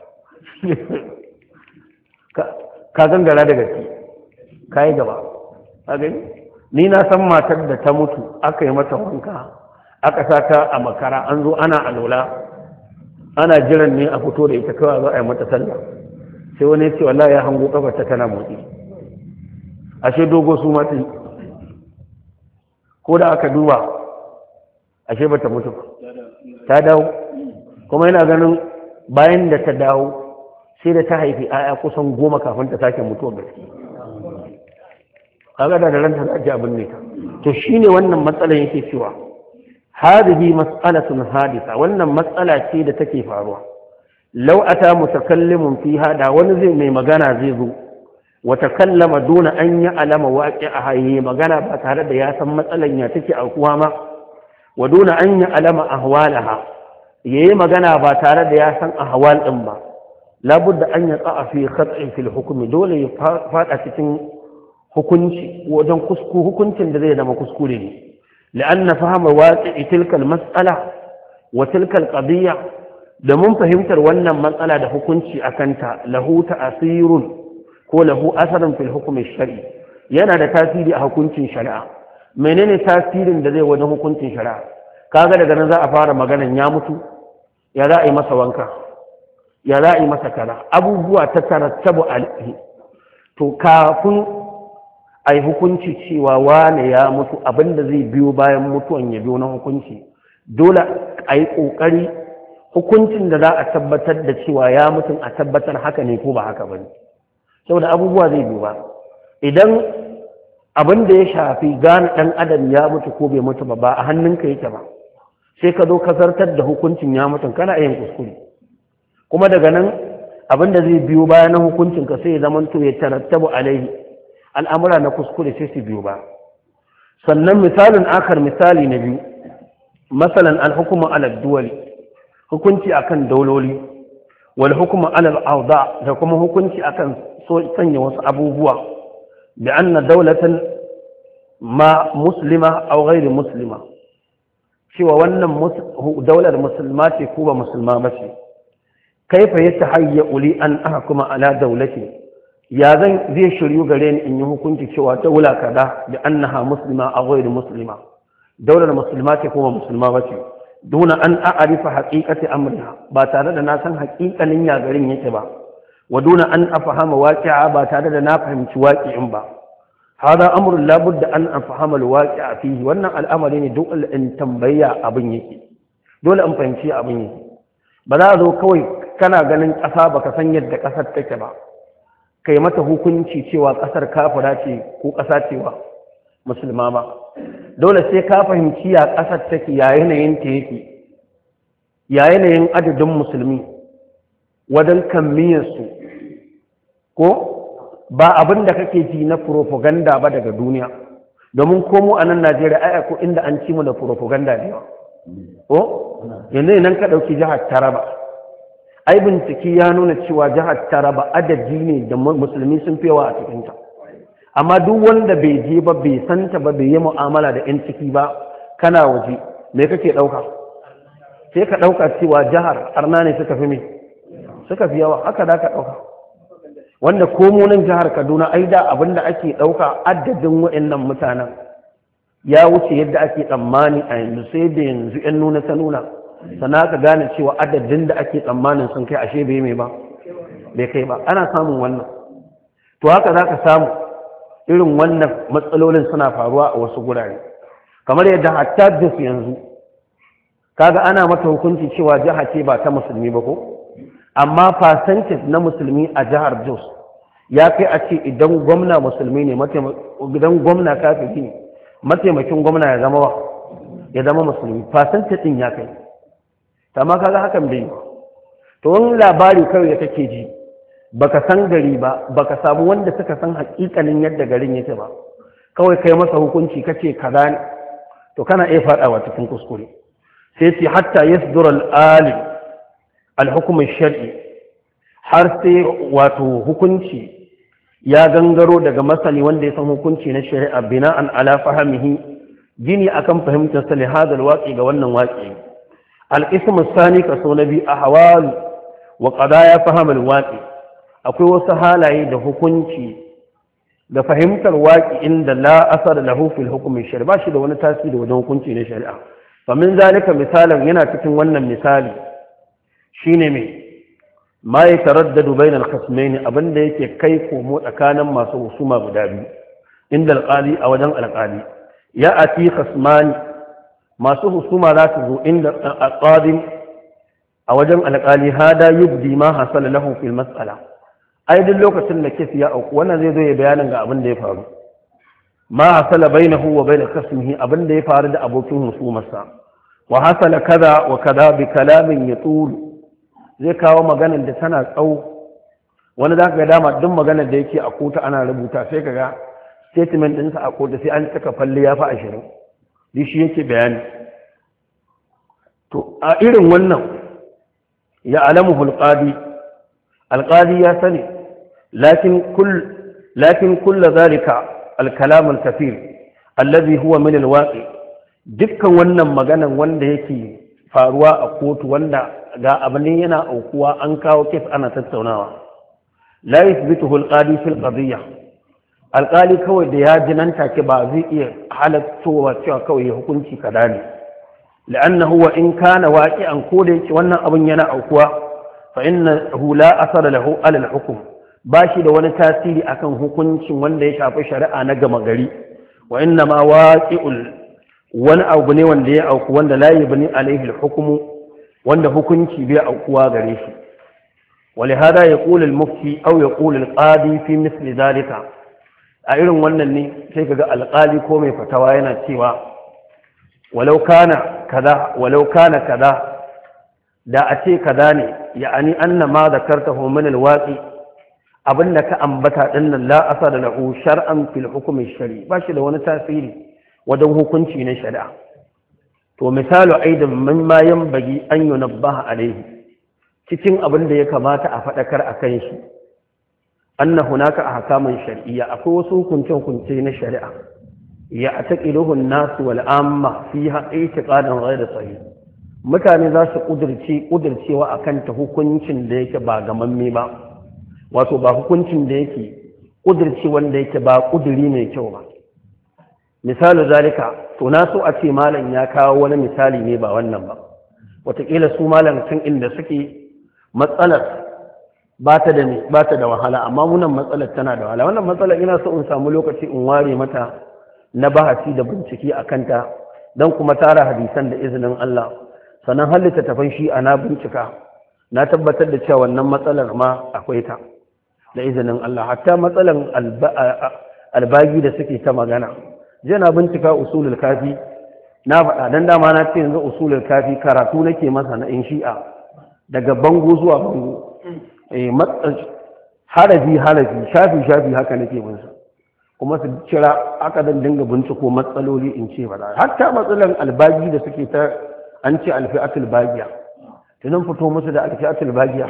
ka gangara da gaske ka yi gaba a gani ni na san matar da ta mutu aka yi mata wanka aka sa ta a makara an zo ana alola ana jiran ne a fito da ita kawai za a yi mata sallah sai wani ya ce wallahi ya hango kafar ta tana motsi ashe dogo su matsi ko da aka duba ashe bata mutu ta dawo kuma yana ganin bayan da ta dawo sai da ta haifi 'ya'ya kusan goma kafin ta sake mutuwa gaske kaga da ranta za abin ne ka to shine wannan matsalar yake cewa hadhihi mas'alatun hadisa wannan matsala ce da take faruwa law ata mutakallimun fiha da wani zai mai magana zai zo wa takallama duna an ya alama waqi a haye magana ba tare da ya san matsalan ya take a kuwa ma wa duna an ya alama ahwalaha yayi magana ba tare da ya san ahwal din ba labudda an ya tsa'a fi khat'in fil hukmi dole ya fada cikin hukunci wajen kusku hukuncin da zai zama kuskure ne la'anna fahama waqi'i tilka matsala wa tilka qadiyya da mun fahimtar wannan matsala da hukunci akanta lahu ta'sirun ko lahu asarun fil hukm shari yana da tasiri a hukuncin shari'a menene tasirin da zai wajen hukuncin shari'a kaga daga nan za a fara maganan ya mutu ya za a yi masa wanka ya za a yi masa kaza abubuwa ta tarattabu alaihi to kafin ai hukunci cewa wane ya mutu abinda zai biyo bayan mutuwan ya biyo na hukunci dole a yi ƙoƙari hukuncin da za a tabbatar da cewa ya mutum a tabbatar haka ne ko ba haka ba ne saboda abubuwa zai biyo ba idan abin da ya shafi gane ɗan adam ya mutu ko bai mutu ba ba a hannunka yake ba sai ka zo ka zartar da hukuncin ya mutu kana yin kuskure kuma daga nan abin da zai biyo bayan hukuncin ka sai ya zamanto ya tarattabu alaihi al'amura na kuskure sai su biyu ba sannan misalin akar misali na biyu masalan al-hukuma hukunci akan dauloli wal hukuma ala da kuma hukunci akan sanya wasu abubuwa bi anna daulatan ma muslima aw ghayr muslima cewa wannan daular musulma ce ko ba musulma ba ce kaifa yastahayya uli an kuma ala dawlati ya zan zai shiryu gare ni in yi hukunci cewa ta kaza da annaha muslima a ghairu muslima daular musulma ce kuma musulma ba ce duna an a'arifa haqiqati amriha ba tare da na san haqiqanin ya garin yake ba wa duna an afhama waqi'a ba tare da na fahimci waqi'in ba hada amrun la budda an afhama alwaqi'a fihi wannan al'amari ne duk in tambaya abin yake dole an fahimci abin yake ba za a zo kawai kana ganin ƙasa baka san yadda ƙasar take ba kai mata hukunci cewa ƙasar kafira ce ko ƙasa cewa musulma ba dole sai ka fahimci ya ƙasar take ya yanayin ta yake ya yanayin adadin musulmi wajen kammiyarsu ko ba abin da kake ji na propaganda ba daga duniya domin komo a nan najeriya ai ko inda an ci mu da propaganda ne ko yanzu nan ka ɗauki jihar taraba ai bincike ya nuna cewa jihar taraba adadi ne da musulmi sun yawa a cikinta amma duk wanda bai je ba bai santa ba bai yi mu'amala da 'yan ciki ba kana waje me kake ɗauka sai ka ɗauka cewa jihar arna ne suka fi me suka fi yawa haka da ka ɗauka wanda komunan jihar kaduna ai da abin da ake ɗauka adadin wa'annan mutanen ya wuce yadda ake tsammani a yanzu sai da yanzu 'yan nuna ta nuna sana ka gane cewa adadin da ake tsammanin sun kai ashe bai mai ba bai kai ba ana samun wannan to haka za ka samu irin wannan matsalolin suna faruwa a wasu gurare kamar yadda hatta jif yanzu kaga ana mata hukunci cewa jiha ce ba ta musulmi ba ko amma fasantis na musulmi a jihar jos ya kai a ce idan gwamna musulmi ne idan gwamna kafin ne mataimakin gwamna ya zama musulmi fasantis din ya kai amma kaga hakan bai to wani labari kawai da kake ji baka san gari ba baka samu wanda suka san hakikalin yadda garin yake ba kawai kai masa hukunci kace kaza to kana iya faɗawa cikin kuskure sai ce hatta yasdur al-alim al-hukm shari har sai wato hukunci ya gangaro daga masani wanda ya san hukunci na shari'a Bina an ala fahimihi gini akan fahimtar sa li hadal waqi ga wannan waqi القسم الثاني كسو نبي أحوال وقضايا فهم الواقع أقول وسهالة إذا حكمتي da fahimtar waƙi inda la asar lahu fil hukumin shari'a ba shi da wani tasiri wajen hukunci na shari'a fa min zalika misalan yana cikin wannan misali shine me ma ya taraddadu bain al abin da yake kai komo tsakanin masu husuma guda biyu inda alqali a wajen alqali ya ati khasmani masu husuma za su zo inda alqadim a wajen alƙali hada yubdi ma hasala lahu fil mas'ala ai duk lokacin da kif ya auku wannan zai zo ya bayanin ga abin da ya faru ma hasala bainahu wa bain khasmihi abin da ya faru da abokin husumarsa wa hasala kaza wa kaza bi kalamin yatul zai kawo maganar da tana tsawo wani za ka ga dama duk maganar da yake a kota ana rubuta sai kaga ga statement ɗinsa a kota sai an cika falle ya fa ashirin duk shi yake bayani to a irin wannan ya alamu hulƙadi alƙadi ya sani lakin kulla zalika alkalamun kafir allazi huwa min dukkan wannan maganan wanda yake faruwa a kotu wanda ga abin yana aukuwa an kawo kes ana tattaunawa la yuthbituhu alqadi fil qadiyya alƙali kawai da ya ji nan take ba zai iya halattowa cewa kawai ya hukunci kaza ne la'annahu huwa in kana an ko da yake wannan abin yana aukuwa fa innahu la asara lahu ala al-hukm ba shi da wani tasiri akan hukuncin wanda ya shafi shari'a na gama gari wa inna ma waqi'ul wani abu ne wanda ya auku wanda la yabni alaihi al-hukm wanda hukunci bai aukuwa gare shi ولهذا يقول المفتي أو يقول القاضي في مثل ذلك a irin wannan ne sai kaga alƙali ko mai fatawa yana cewa walau kana kaza walau kana kaza da a ce kaza ne ya'ani anna ma zakartahu min alwaqi abinda ka ambata din nan la da lahu shar'an fil hukm shari ba shi da wani tasiri wajen hukunci na shari'a to misalu aidan mimma yanbaghi an yunabbaha alayhi cikin abin da ya kamata a faɗakar a kan shi anna hunaka ahkamun shar'iyya akwai wasu hukunce hukunce na shari'a ya ataqiluhu an nasu wal amma fiha i'tiqadan ghayr sahih mutane za su kudirce kudircewa akan ta hukuncin da yake ba gamamme ba wato ba hukuncin da yake kudirce wanda yake ba kudiri mai kyau ba misalu zalika to na so a ce malam ya kawo wani misali ne ba wannan ba wataƙila su malam tun inda suke matsalar ba ta da wahala amma munan matsalar tana da wahala wannan matsalar ina so in samu lokaci in ware mata na bahasi da bincike a kanta don kuma tara hadisan da izinin Allah sannan halitta tafan shi a na bincika na tabbatar da cewa wannan matsalar ma akwai ta da izinin Allah hatta matsalar albagi da suke ta magana je na bincika usulul kafi na faɗa dan dama na ce yanzu usulul kafi karatu nake masa na in shi'a daga bango zuwa bango Eh, harafi harafi shafi shafi haka nake bunsa kuma su kira aka zan dinga binciko matsaloli in ce ba hatta matsalan albagi da suke ta an ce alfi'atul bagiya tunan fito musu da alfi'atul bagiya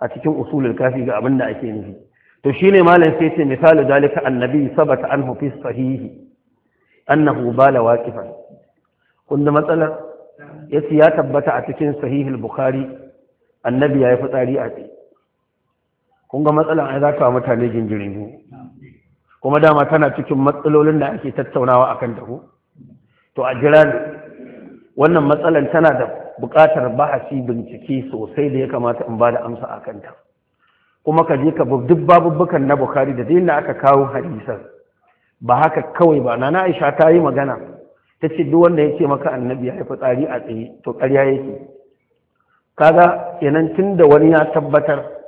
a cikin usulul kafi ga abin da ake nufi to shine malam sai ce misalu dalika annabi sabata anhu fi sahihi annahu bala waqifan kunda matsalar yace ya tabbata a cikin sahihul bukhari annabi ya yi fitsari a tsaye Kunga ga matsalan ai za ka mutane gingirin kuma dama tana cikin matsalolin da ake tattaunawa akan ta ko to a jira wannan matsalan tana da buƙatar bahasi bincike sosai da ya kamata in ba da amsa a kanta kuma ka je ka duk babubbukan na bukari da dinda aka kawo hadisan ba haka kawai ba Nana aisha ta yi magana ta ce duk wanda ya ce maka annabi ya haifi tsari a tsaye to ƙarya yake kaga kenan tun da wani ya tabbatar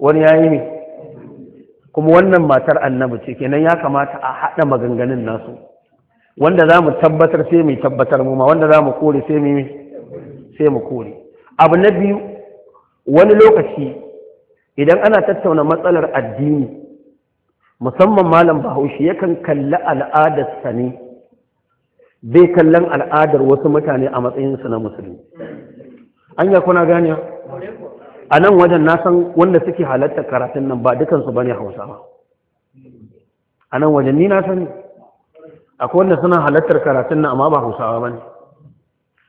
wani ya yi ne kuma wannan matar annabi ce kenan ya kamata a haɗa maganganun nasu wanda za mu tabbatar sai mu tabbatar mu ma wanda za mu kore sai mu sai mu kore abu na biyu wani lokaci idan ana tattauna matsalar addini musamman malam bahaushe yakan kalli al'adarsa ne bai kallon al'adar wasu mutane a matsayinsu na musulmi an ya kuna gane a nan wajen na san wanda suke halatta karatun nan ba dukansu ba ne hausawa a nan wajen ni na sani akwai wanda suna halattar karatun nan amma ba hausawa ba ne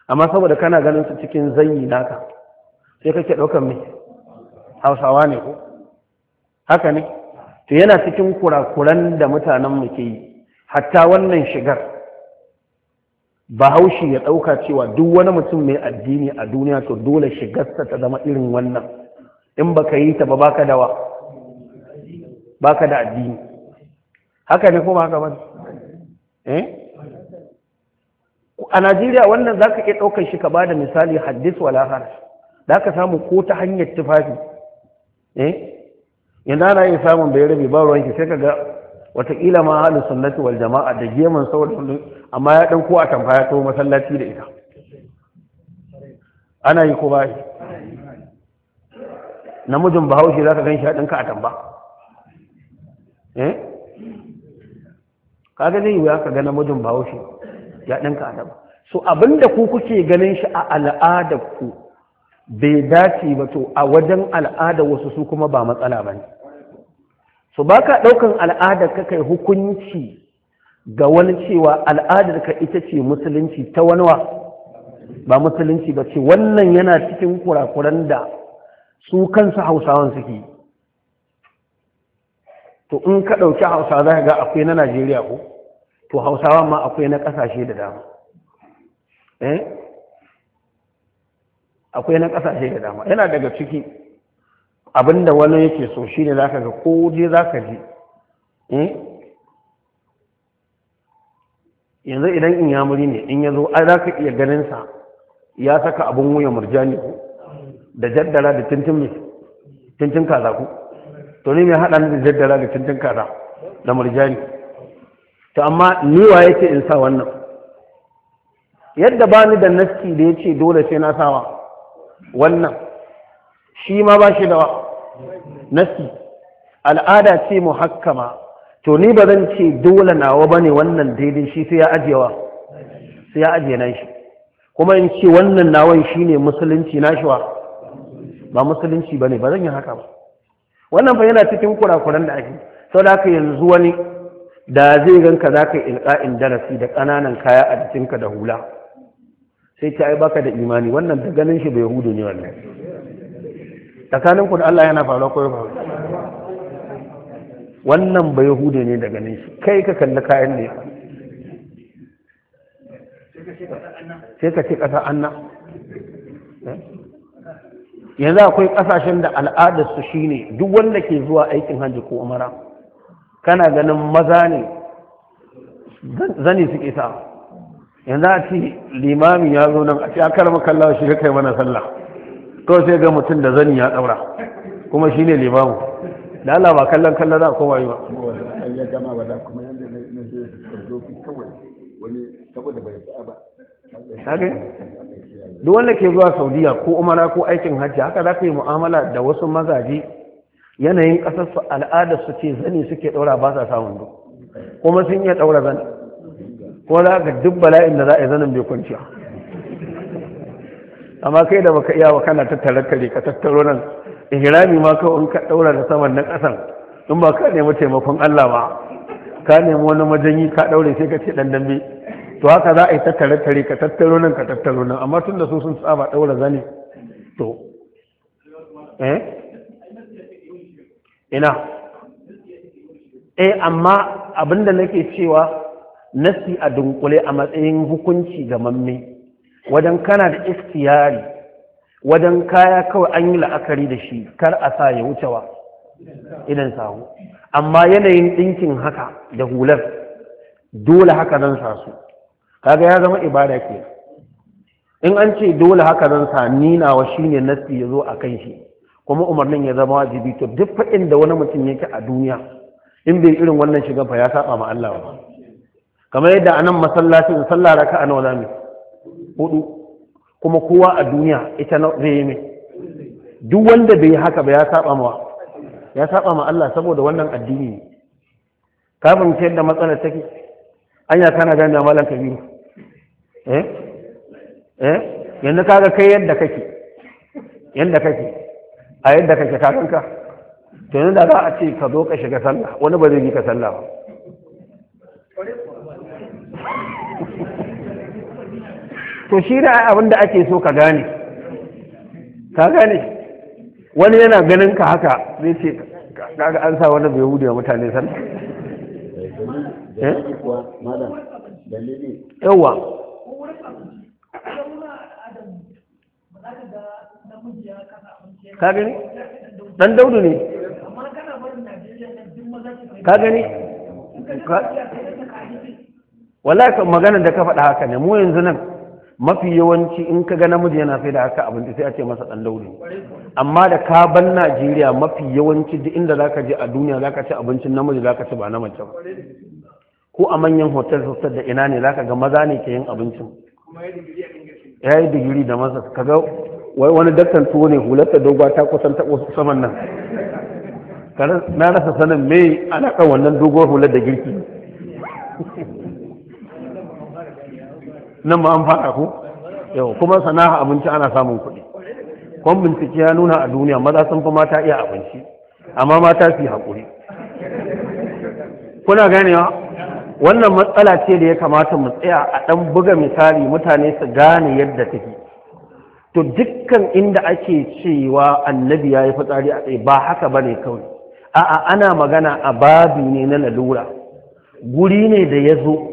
amma saboda kana ganin su cikin zanyi naka sai kake ɗaukar mai hausawa ne ko haka ne to yana cikin kurakuran da mutanen mu ke yi hatta wannan shigar bahaushe ya ɗauka cewa duk wani mutum mai addini a duniya to dole shigarsa ta zama irin wannan in baka yi ta ba baka da wa? baka da addini haka ne kuma haka wani eh a Najeriya wannan za ka iya ɗaukar shi ka bada misali haddis wala haraj da ka samu ko ta hanyar tufafi eh yana ana yin samun bai ba ruwan ki sai ka ga Wataƙila ma halin sunnati wal jama'a da geman saboda kullum amma ya dauko a tamfa ya tawo masallaci da ita ana yi ko ba yi namijin bahaushe ka gan shi a dinka a tamba eh kaga zai wuya ka ga namijin bahaushe ya ɗinka a tamba so abinda ku kuke ganin shi a al'adar ku bai dace ba to a wajen al'ada wasu su kuma ba matsala ba ne so ba ka ɗaukan al'adar ka kai hukunci ga wani cewa al'adar ka ita ce musulunci ta wani wa ba musulunci ba ce wannan yana cikin kurakuran da su kansu hausawan suke to in ka ɗauki hausa za ka ga akwai na najeriya ko to hausawa ma akwai na ƙasashe da dama eh? akwai na ƙasashe da dama yana daga ciki abinda wani yake so shi ne zaka ga ko je zaka ji? Hmm? yanzu idan in yamuri ne in ya zo ai za ka iya ganinsa ya saka abin wuya murjani ku da jaddara da tintin mai kaza ku to ne mai haɗa da jaddara da tintin kaza da murjani to amma ni wa yake in sa wannan yadda ba ni da naski da ya ce dole sai na sawa wannan shi ma ba shi da nasi al'ada ce muhakkama to ni ba zan ce dole nawa ba ne wannan daidai shi sai ya ajiyewa sai ya ajiye na shi kuma in ce wannan nawan shi ne musulunci na shi wa ba musulunci ba ne ba zan yi haka ba wannan fa yana cikin kurakuran da ake sau da yanzu wani da zai gan ka za ka yi ilka'in darasi da ƙananan kaya a jikinka da hula sai ta yi baka da imani wannan da ganin shi bai hudu ne wannan tsakanin ku da Allah yana faruwa ko ba wannan ba yahude ne daga nan kai ka kalli kayan ne sai ka ce ƙasa anna eh? yanzu akwai ƙasashen da al'adarsu shine duk wanda ke zuwa aikin hajji ko umara kana ganin maza ne zane suke sa yanzu a ce limami ya zo nan a ce akar makallawa shi kai mana sallah kawai sai ga mutum da zani ya daura kuma shi ne limamu da Allah ba kallon kallon za a koma yi ba duk wanda ke zuwa saudiya ko umara ko aikin hajji haka za ka yi mu'amala da wasu mazaje yanayin ƙasarsu su ce zani suke ɗaura ba sa samun duk kuma sun iya ɗaura zani ko za ka duk bala'in da za a yi zanin bai kwanciya amma kai da baka iya ba kana tattara kare ka tattaro nan ihrami ma kawai in ka daura da saman na kasan in ba ka nemi taimakon Allah ba ka nemi wani majanyi ka daure sai ka ce dan dambe to haka za a yi tattara kare ka tattaro nan ka tattaro nan amma tun su sun tsaba daura zane to eh ina eh amma abinda nake cewa nasi a dunkule a matsayin hukunci ga mamme wajen kana da iskiyari wajen kaya kawai an yi la'akari da shi kar a sa ya wucewa idan sahu amma yanayin ɗinkin haka da hular dole haka zan sa su kaga ya zama ibada ke in an ce dole haka zan sa ninawa shine nasi ya zo a kan shi kuma umarnin ya zama wajibi to duk faɗin da wani mutum yake a duniya in bai irin wannan shiga fa ya saba ma Allah ba kamar yadda anan masallacin sallah raka'a nawa zamu hudu kuma kowa a duniya ita na zai yi duk wanda bai haka ba ya saba ma ya saba ma Allah saboda wannan addini ne ka fahimci yadda matsalar take anya kana a malam kabiru eh eh yanzu kaga kai yadda kake yadda kake a yadda kake ka kanka to yanzu da za a ce ka zo ka shiga sallah wani ba zai yi ka sallah ba to shi da abin da ake so ka gane ka gane wani yana ganin ka haka zai ce kaga an sa wani bai hudu mutane san eh? yawa ka gani dan daudu ne ka gani wala magana da ka faɗa haka ne mu yanzu nan mafi yawanci in ka ga namiji yana sai da haka abinci sai a ce masa dan laure amma da ka ban Najeriya mafi yawanci duk inda zaka je a duniya zaka ci abincin namiji zaka ci ba na mace ba ko a manyan hotel hotel da ina ne zaka ga maza ne ke yin abincin ya yi digiri da masa kaga wai wani daktar tuwo ne hularta dogwa ta kusan wasu saman nan na rasa sanin me ana wannan doguwar hular da girki nan ma an faɗa ko yau kuma sana'a abinci ana samun kuɗi kwan bincike ya nuna a duniya maza sun fi mata iya abinci amma mata su yi haƙuri kuna ganewa wannan matsala ce da ya kamata mu tsaya a ɗan buga misali mutane su gane yadda take to dukkan inda ake cewa annabi ya yi fitsari a tsaye ba haka ba ne kawai a'a ana magana a babi ne na lalura guri ne da ya zo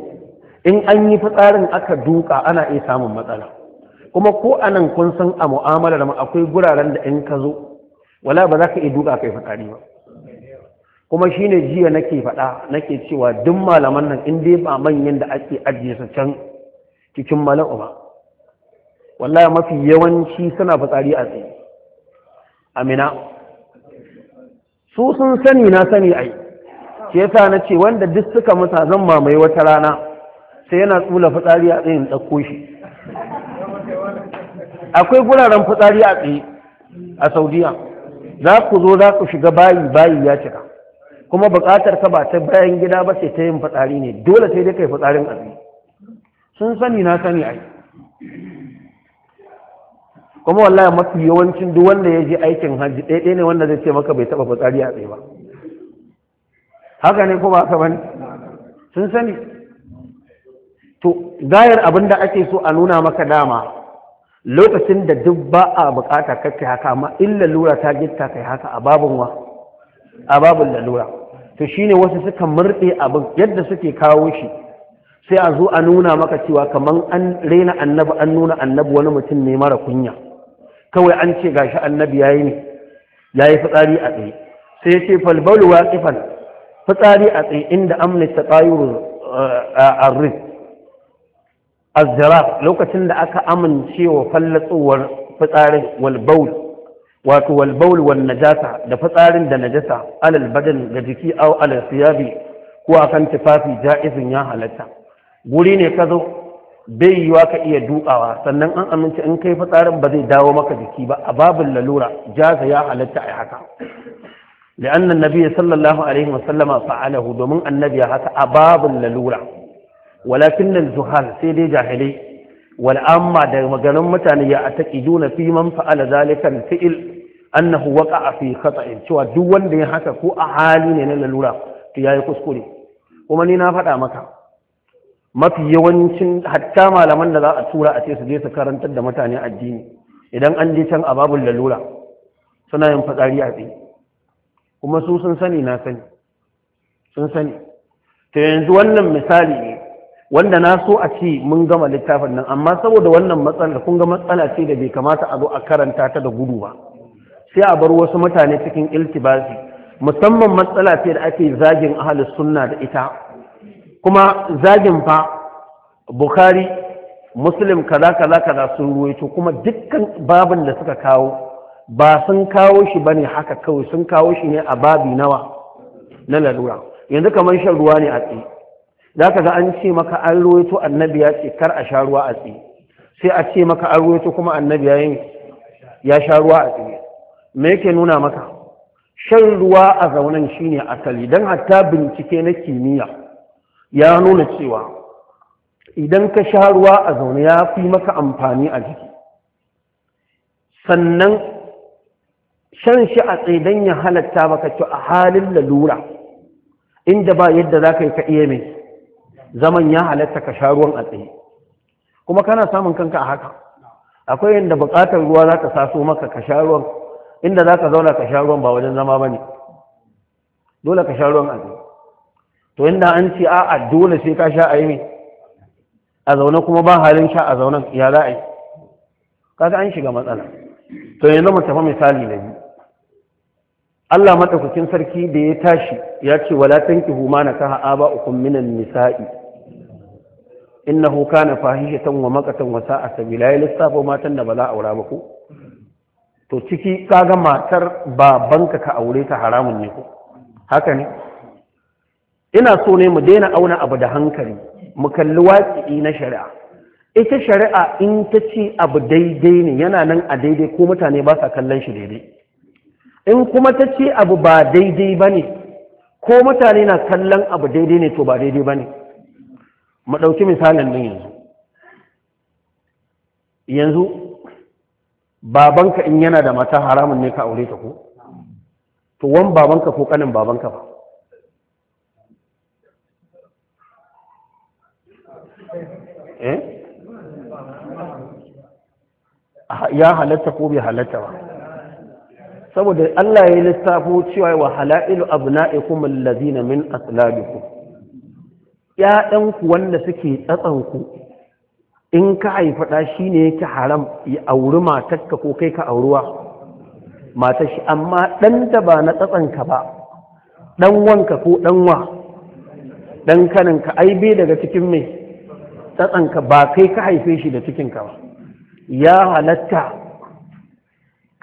in an yi fitsarin aka duka ana iya samun matsala kuma ko anan kun san a mu'amalar mu akwai guraren da in ka zo wala ba za ka iya duka kai fitsari ba kuma shine jiya nake faɗa nake cewa duk malaman nan in dai ba manyan da ake ajiye su can cikin mala'u ba wallahi mafi yawanci suna fitsari a tsaye amina su sun sani na sani ai ke sa na ce wanda duk suka mutazan zan mamaye wata rana sai yana tsula fitsari a tsayin ɗauko shi akwai guraren fitsari a tsaye a saudiya za ku zo za ku shiga bayi bayi ya cika kuma buƙatar ka ba ta bayan gida ba sai ta yin fitsari ne dole sai dai kai fitsarin a tsaye sun sani na sani a yi. kuma wallahi mafi yawancin duk wanda ya je aikin hajji ɗaya ne wanda zai ce maka bai taɓa fitsari a tsaye ba haka ne ko ba haka bane sun sani to gayar abin da ake so a nuna maka dama lokacin da duk ba a bukata kai haka amma in lalura ta gitta kai haka a babin wa a lalura to shine wasu suka murɗe abin yadda suke kawo shi sai a zo a nuna maka cewa kamar an rena annabi an nuna annabi wani mutum ne mara kunya kawai an ce gashi annabi yayi ne yayi fitsari a tsaye sai ya ce falbalu waqifan fitsari a tsaye inda amna taqayur eh, arrid azzara lokacin da aka amincewa fallatsowar fitsarin walbaul wato walbaul wal najasa da fitsarin da najasa alal badan ga jiki aw alal siyabi ko akan tufafi ja'izin ya halatta guri ne ka zo bai yiwa ka iya dukawa sannan an amince in kai fitsarin ba zai dawo maka jiki ba a babin lalura jaza ya halatta a haka لأن sallallahu alaihi الله عليه وسلم فعله دومن haka a أباب lalura. walakin nan zuhal sai dai jahilai wal'amma da maganin mutane ya a taƙi juna fi man zalikan fi'il annahu waka a fi katsa'in cewa duk wanda ya haka ko a hali ne na lalura to ya yi kuskure kuma ni na faɗa maka mafi yawancin hatta malaman da za a tura a ce su je su karantar da mutane addini idan an je can a babun lalura suna yin fitsari a kuma su sun sani na sani sun sani to yanzu wannan misali wanda na so a ce mun gama littafin nan amma saboda wannan matsala kun ga matsala ce da bai kamata a zo a karanta ta da gudu ba sai a bar wasu mutane cikin iltibasi musamman matsala ce da ake zagin ahalus sunna da ita kuma zagin fa bukhari muslim kaza kaza kaza sun ruwaito kuma dukkan babin da suka kawo ba sun kawo shi bane haka kawai sun kawo shi ne a babi nawa na lalura yanzu kamar shan ruwa ne a tsaye za ka ga an ce maka an ruwaito annabi ya ce kar a sha ruwa a tsaye sai a ce maka an ruwaito kuma annabi ya ya sha ruwa a tsaye me yake nuna maka shan ruwa a zaunan shine asali don hatta bincike na kimiyya ya nuna cewa idan ka sha ruwa a zaune ya fi maka amfani a jiki sannan shan shi a tsaye ya halatta maka to a halin lalura inda ba yadda za ka yi ka iya mai zaman ya halatta ka sharuwan ruwan a tsaye kuma kana samun kanka a haka akwai inda buƙatar ruwa za ka saso maka ka sharuwan inda za ka zauna ka sharuwan ba wajen zama ba ne dole ka sharuwan a tsaye to inda an ce a'a dole sai ka sha a yi a zaune kuma ba halin sha a zaunen ya za a yi kaga an shiga matsala to yanzu mu tafi misali da ni. Allah madaukakin sarki da ya tashi ya ce wala na ma Aba aba'ukum minan nisa'i innahu kana fahishatan wa maqatan wasa a sabila ya lissafa matan da ba za a aura ba ko to ciki kaga matar babanka ka aure ta haramun ne ko haka ne ina so ne mu daina auna abu da hankali mu kalli waƙi na shari'a ita shari'a in ta ce abu daidai ne yana nan a daidai ko mutane ba sa kallon shi daidai in kuma ta ce abu ba daidai ba ne ko mutane na kallon abu daidai ne to ba daidai ba ne mu ɗauki misalin nan yanzu yanzu babanka in yana da mata haramun ne ka aure ta ko to wan babanka ko kanin babanka ba eh ya halatta ko bai halatta ba saboda Allah ya lissafo cewa wa halailu abna'ikum allazina min aslabikum ‘ya'yanku wanda suke tsatsanku in ka haifa ɗa shi ne yake haram ya auri matakka ko kai ka auruwa shi, amma ɗanta da ba na tsatsanka ba ɗan wanka ko ɗanwa ɗan kaninka ai bai daga cikin mai tsatsanka ba kai ka haife shi da cikinka ba ya halatta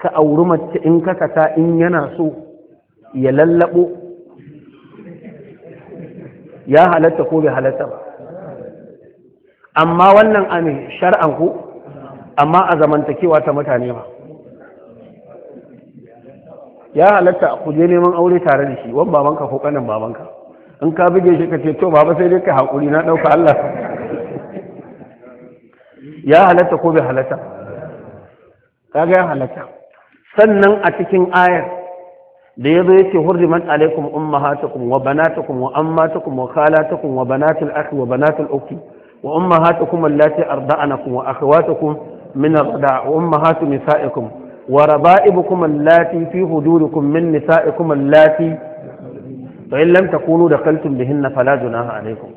ka auri mace in ka in yana so ya lallaɓo? ya halatta ko bai halatta ba amma wannan ame shar'an ku amma a zamantakewa ta mutane ba ya halatta ku je neman aure tare da shi wani babanka ko kanin babanka in ka buge shi ka ce to baba sai dai ka hakuri na ɗauka Allah ya halatta ko bai halatta kaga ya halatta sannan a cikin ayar da yazo yake hurrimat alaikum ummahatukum wa banatukum wa ammatukum wa khalatukum wa banatul akhi wa banatul ukhti wa ummahatukum allati arda'anakum wa akhawatukum min arda wa ummahatu nisaikum wa raba'ibukum allati fi hududikum min nisaikum allati fa in lam takunu dakaltum bihinna fala junaha alaikum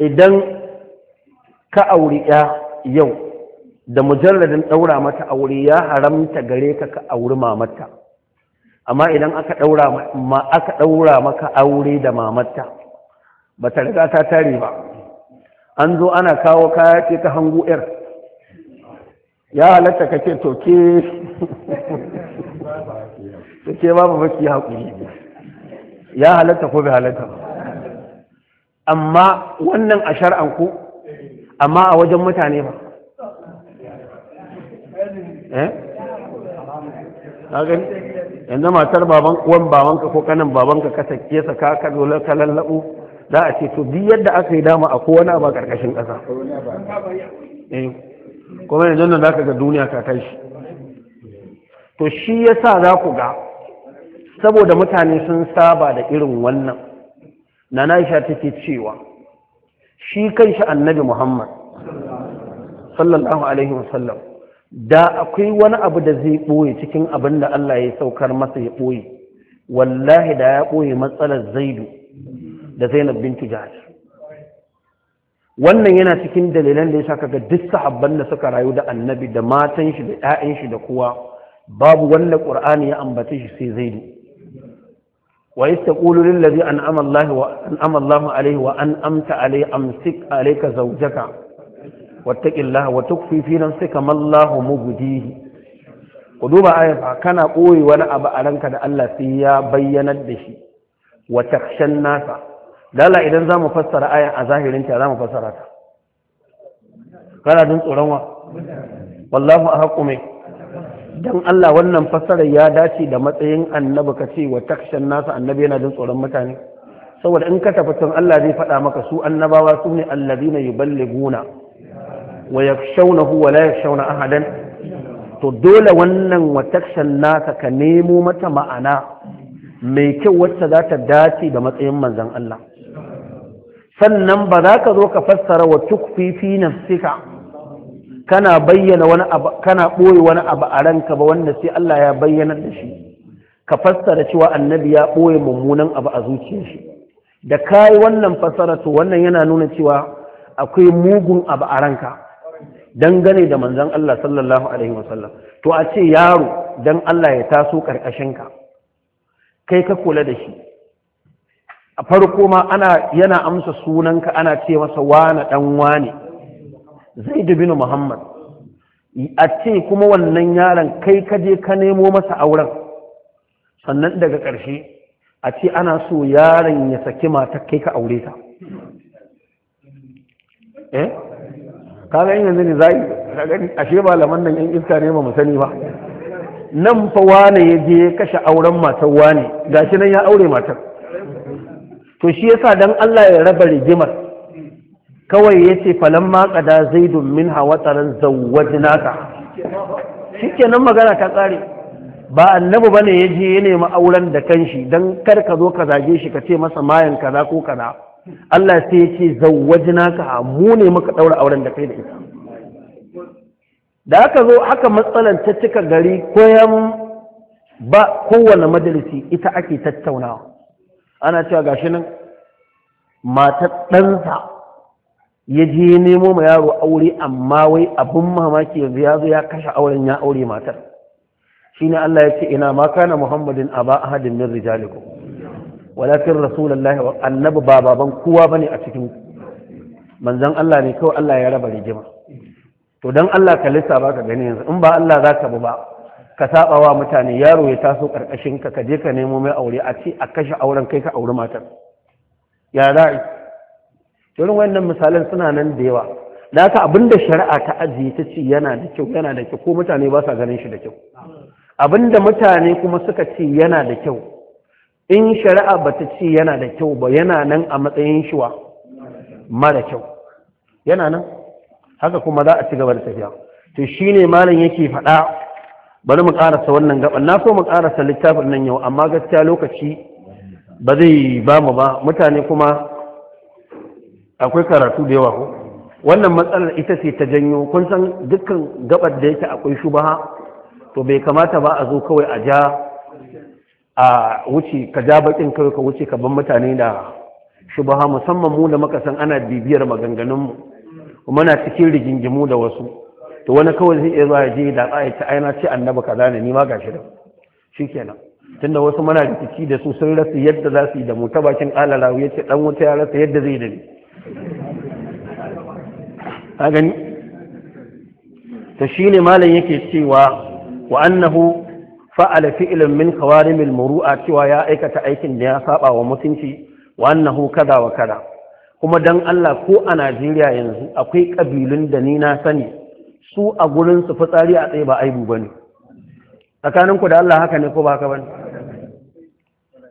idan ka auri ya yau da mujarradin daura mata aure ya haramta gare ka ka auri mamata amma idan aka ɗaura ma aka ɗaura maka aure da mamatta ba ta riga ta tare ba an zo ana kawo kaya ce ta hangu ɗin ya halatta ka ce to ke to ke ba ba fashi hakuri ya halatta ko bai halatta ba amma wannan a shar'an ku amma a wajen mutane ba eh? yanzu matar baban uwan babanka ko kanan babanka ka sake sa ka ka ka lallabu za a ce to duk yadda aka yi dama a kowane ba karkashin ƙasa eh, kuma yanzu nan ka ga duniya kai shi to shi ya sa za ku ga saboda mutane sun saba da irin wannan na isha take cewa shi shi annabi Muhammad sallallahu alaihi wasallam da akwai wani abu da zai ɓoye cikin abin da Allah ya saukar masa ya ɓoye wallahi da ya ɓoye matsalar zaidu da zainab bintu jihar wannan yana cikin dalilan da ya saka ga duk sahabban da suka rayu da annabi da matan shi da 'ya'yan shi da kowa babu wanda qur'ani ya ambace shi sai zaidu wa yastaqulu lil ladzi an'ama Allahu wa an'ama Allahu alayhi wa an'amta alayhi amsik alayka zawjaka wattaqillaha wa tukfi fi nafsika ma Allahu mubdihi ku duba ayat kana koyi wani abu a ranka da Allah sai ya bayyanar da shi wa takshan nasa lalla idan zamu fassara ayan a zahirin ta zamu fassara ta kana jin tsoron wa wallahu ahqqu mai dan Allah wannan fassarar ya dace da matsayin annabi ka ce wa takshan nasa annabi yana jin tsoron mutane saboda in ka tafi tun Allah zai faɗa maka su annabawa su ne allazina yuballiguna wa yakshawnahu wa la yakshawna ahadan to dole wannan wa takshan naka ka nemo mata ma'ana mai kyau wacce za ta dace da matsayin manzan Allah sannan ba za ka zo ka fassara wa tukfi fi nafsika kana bayyana wani abu kana boye wani abu a ranka ba wanda sai Allah ya bayyana da shi ka fassara cewa annabi ya boye mummunan abu a zuciyar shi da kai wannan fassara to wannan yana nuna cewa akwai mugun abu a ranka dangane da manzan Allah sallallahu alaihi wasallam to a ce yaro don Allah ya taso ƙarƙashinka, kai ka kula da shi a farko ma ana yana amsa sunanka ana ce masa wane ɗan wane zaid bin muhammad a ce kuma wannan yaron kai ka je ka nemo masa auren sannan daga ƙarshe a ce ana so yaron ya saki mata kai ka aure ta eh kaga in yanzu ne zai gani ashe malaman nan yan iska ne ba mu sani ba nan fa wane ya je kashe auren matar wane gashi nan ya aure matar to shi yasa dan Allah ya raba rigimar kawai yace ma kada zaidun minha wataran zawwajnaka shikenan magana ta tsare ba annabi bane ya je ya nemi auren da kanshi dan kar ka zo ka zage shi ka ce masa mayan kaza ko kaza Allah sai ya ce zawajina ka mu ne muka daura auren da kai da ita da aka zo haka matsalan ta cika gari koyan ba kowane majalisi ita ake tattaunawa ana cewa gashi nan matar ɗansa ya je nemo ma yaro aure amma wai abin mamaki yanzu ya zo ya kashe auren ya aure matar shine Allah ya ce ina ma kana Muhammadin aba ahadin min rijalikum walakin rasulullahi wa annabi ba baban kowa bane a cikin manzon Allah ne kawai Allah ya raba rigima to dan Allah ka ba ka gani yanzu in ba Allah za ka bi ba ka saba wa mutane yaro ya taso karkashin ka ka je ka nemo mai aure a ce a kashe auren kai ka auri matar ya ra'i irin wannan misalan suna nan da yawa da haka abinda shari'a ta ajiye ta ce yana da kyau yana da kyau ko mutane ba sa ganin shi da kyau abinda mutane kuma suka ce yana da kyau in shari'a ba ta ce yana da kyau ba yana nan a matsayin shuwa mara kyau yana nan haka kuma za a ci gaba da tafiya to ne malam yake faɗa bari mu karasa wannan gaban na so mu karasa littafin nan yau amma gaskiya lokaci ba zai ba mu ba mutane kuma akwai karatu da yawa ko wannan matsalar ita ce ta janyo kun san dukkan gabar da yake akwai shubaha to bai kamata ba a zo kawai a ja a wuce ka ja bakin kai ka wuce ka ban mutane da shubaha musamman mu da makasan ana bibiyar maganganunmu kuma na cikin rigingimu da wasu to wani kawai zai iya zuwa ya je da tsaya ta aina ce annabi kaza ne ni ma ga shi da shi kenan tunda wasu muna rikici da su sun rasa yadda za su yi da mu ta bakin alalawu ya ce dan wuta ya rasa yadda zai da ni ka gani to shine malam yake cewa wa annahu fa'ala fi'lan min qawarimil a cewa ya aikata aikin da ya saɓa wa mutunci wa annahu wa kada kuma dan Allah ko a Najeriya yanzu akwai kabilun da ni na sani su a gurin su fitsari a tsaye ba aibu bane tsakanin ku da Allah haka ne ko ba haka bane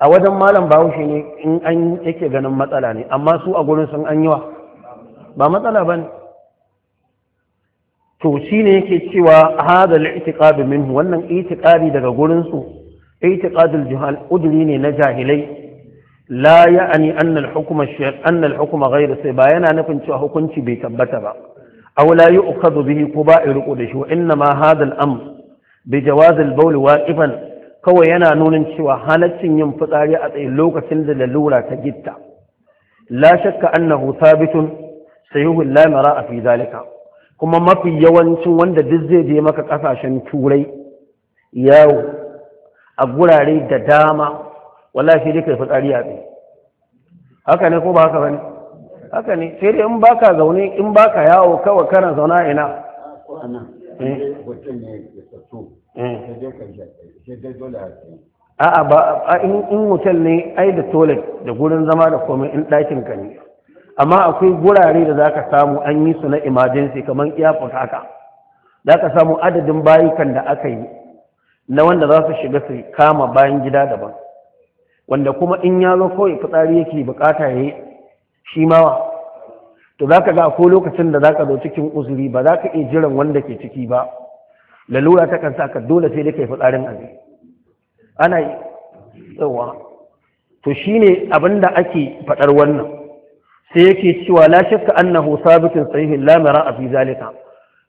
a wajen malam bahaushe ne in an yake ganin matsala ne amma su a gurin sun an yiwa ba matsala bane to ne yake cewa hadha al-i'tiqad minhu wannan i'tiqadi daga gurin su i'tiqadul juhal udri ne na jahilai la ya'ni anna al-hukma shay'an anna al-hukma sai ba yana nufin cewa hukunci bai tabbata ba aw la yu'khadhu bihi ko ba irko da shi wa inna ma hadal al-amr bi jawaz al-bawl waqifan kawai yana nunin cewa halaccin yin fitsari a tsaye lokacin da lalura ta gitta la shakka annahu thabitun sayuhu la mara fi zalika kuma mafi yawancin wanda duk zai je maka kasashen turai yawo a gurare da dama wallahi shi dai kai fitsari a tsaye haka ne ko ba haka bane haka ne sai dai in baka zaune in baka yawo kawai kana zauna ina eh. Eh. a'a ba in hotel ne ai da toilet da gurin zama da komai in ɗakin ka ne amma akwai gurare da za ka samu an yi su na emergency kamar airport haka za ka samu adadin bayukan da aka yi na wanda za su shiga su kama bayan gida daban wanda kuma in ya zo kawai fitsari yake bukata ya yi shi mawa to za ka ga ko lokacin da za ka zo cikin uzuri ba za ka iya jiran wanda ke ciki ba lalura ta kan ka dole sai da kai fitsarin aji ana yi yawa to shine abin da ake faɗar wannan sai yake cewa la shakka annahu sabitun sahihin la mara fi zalika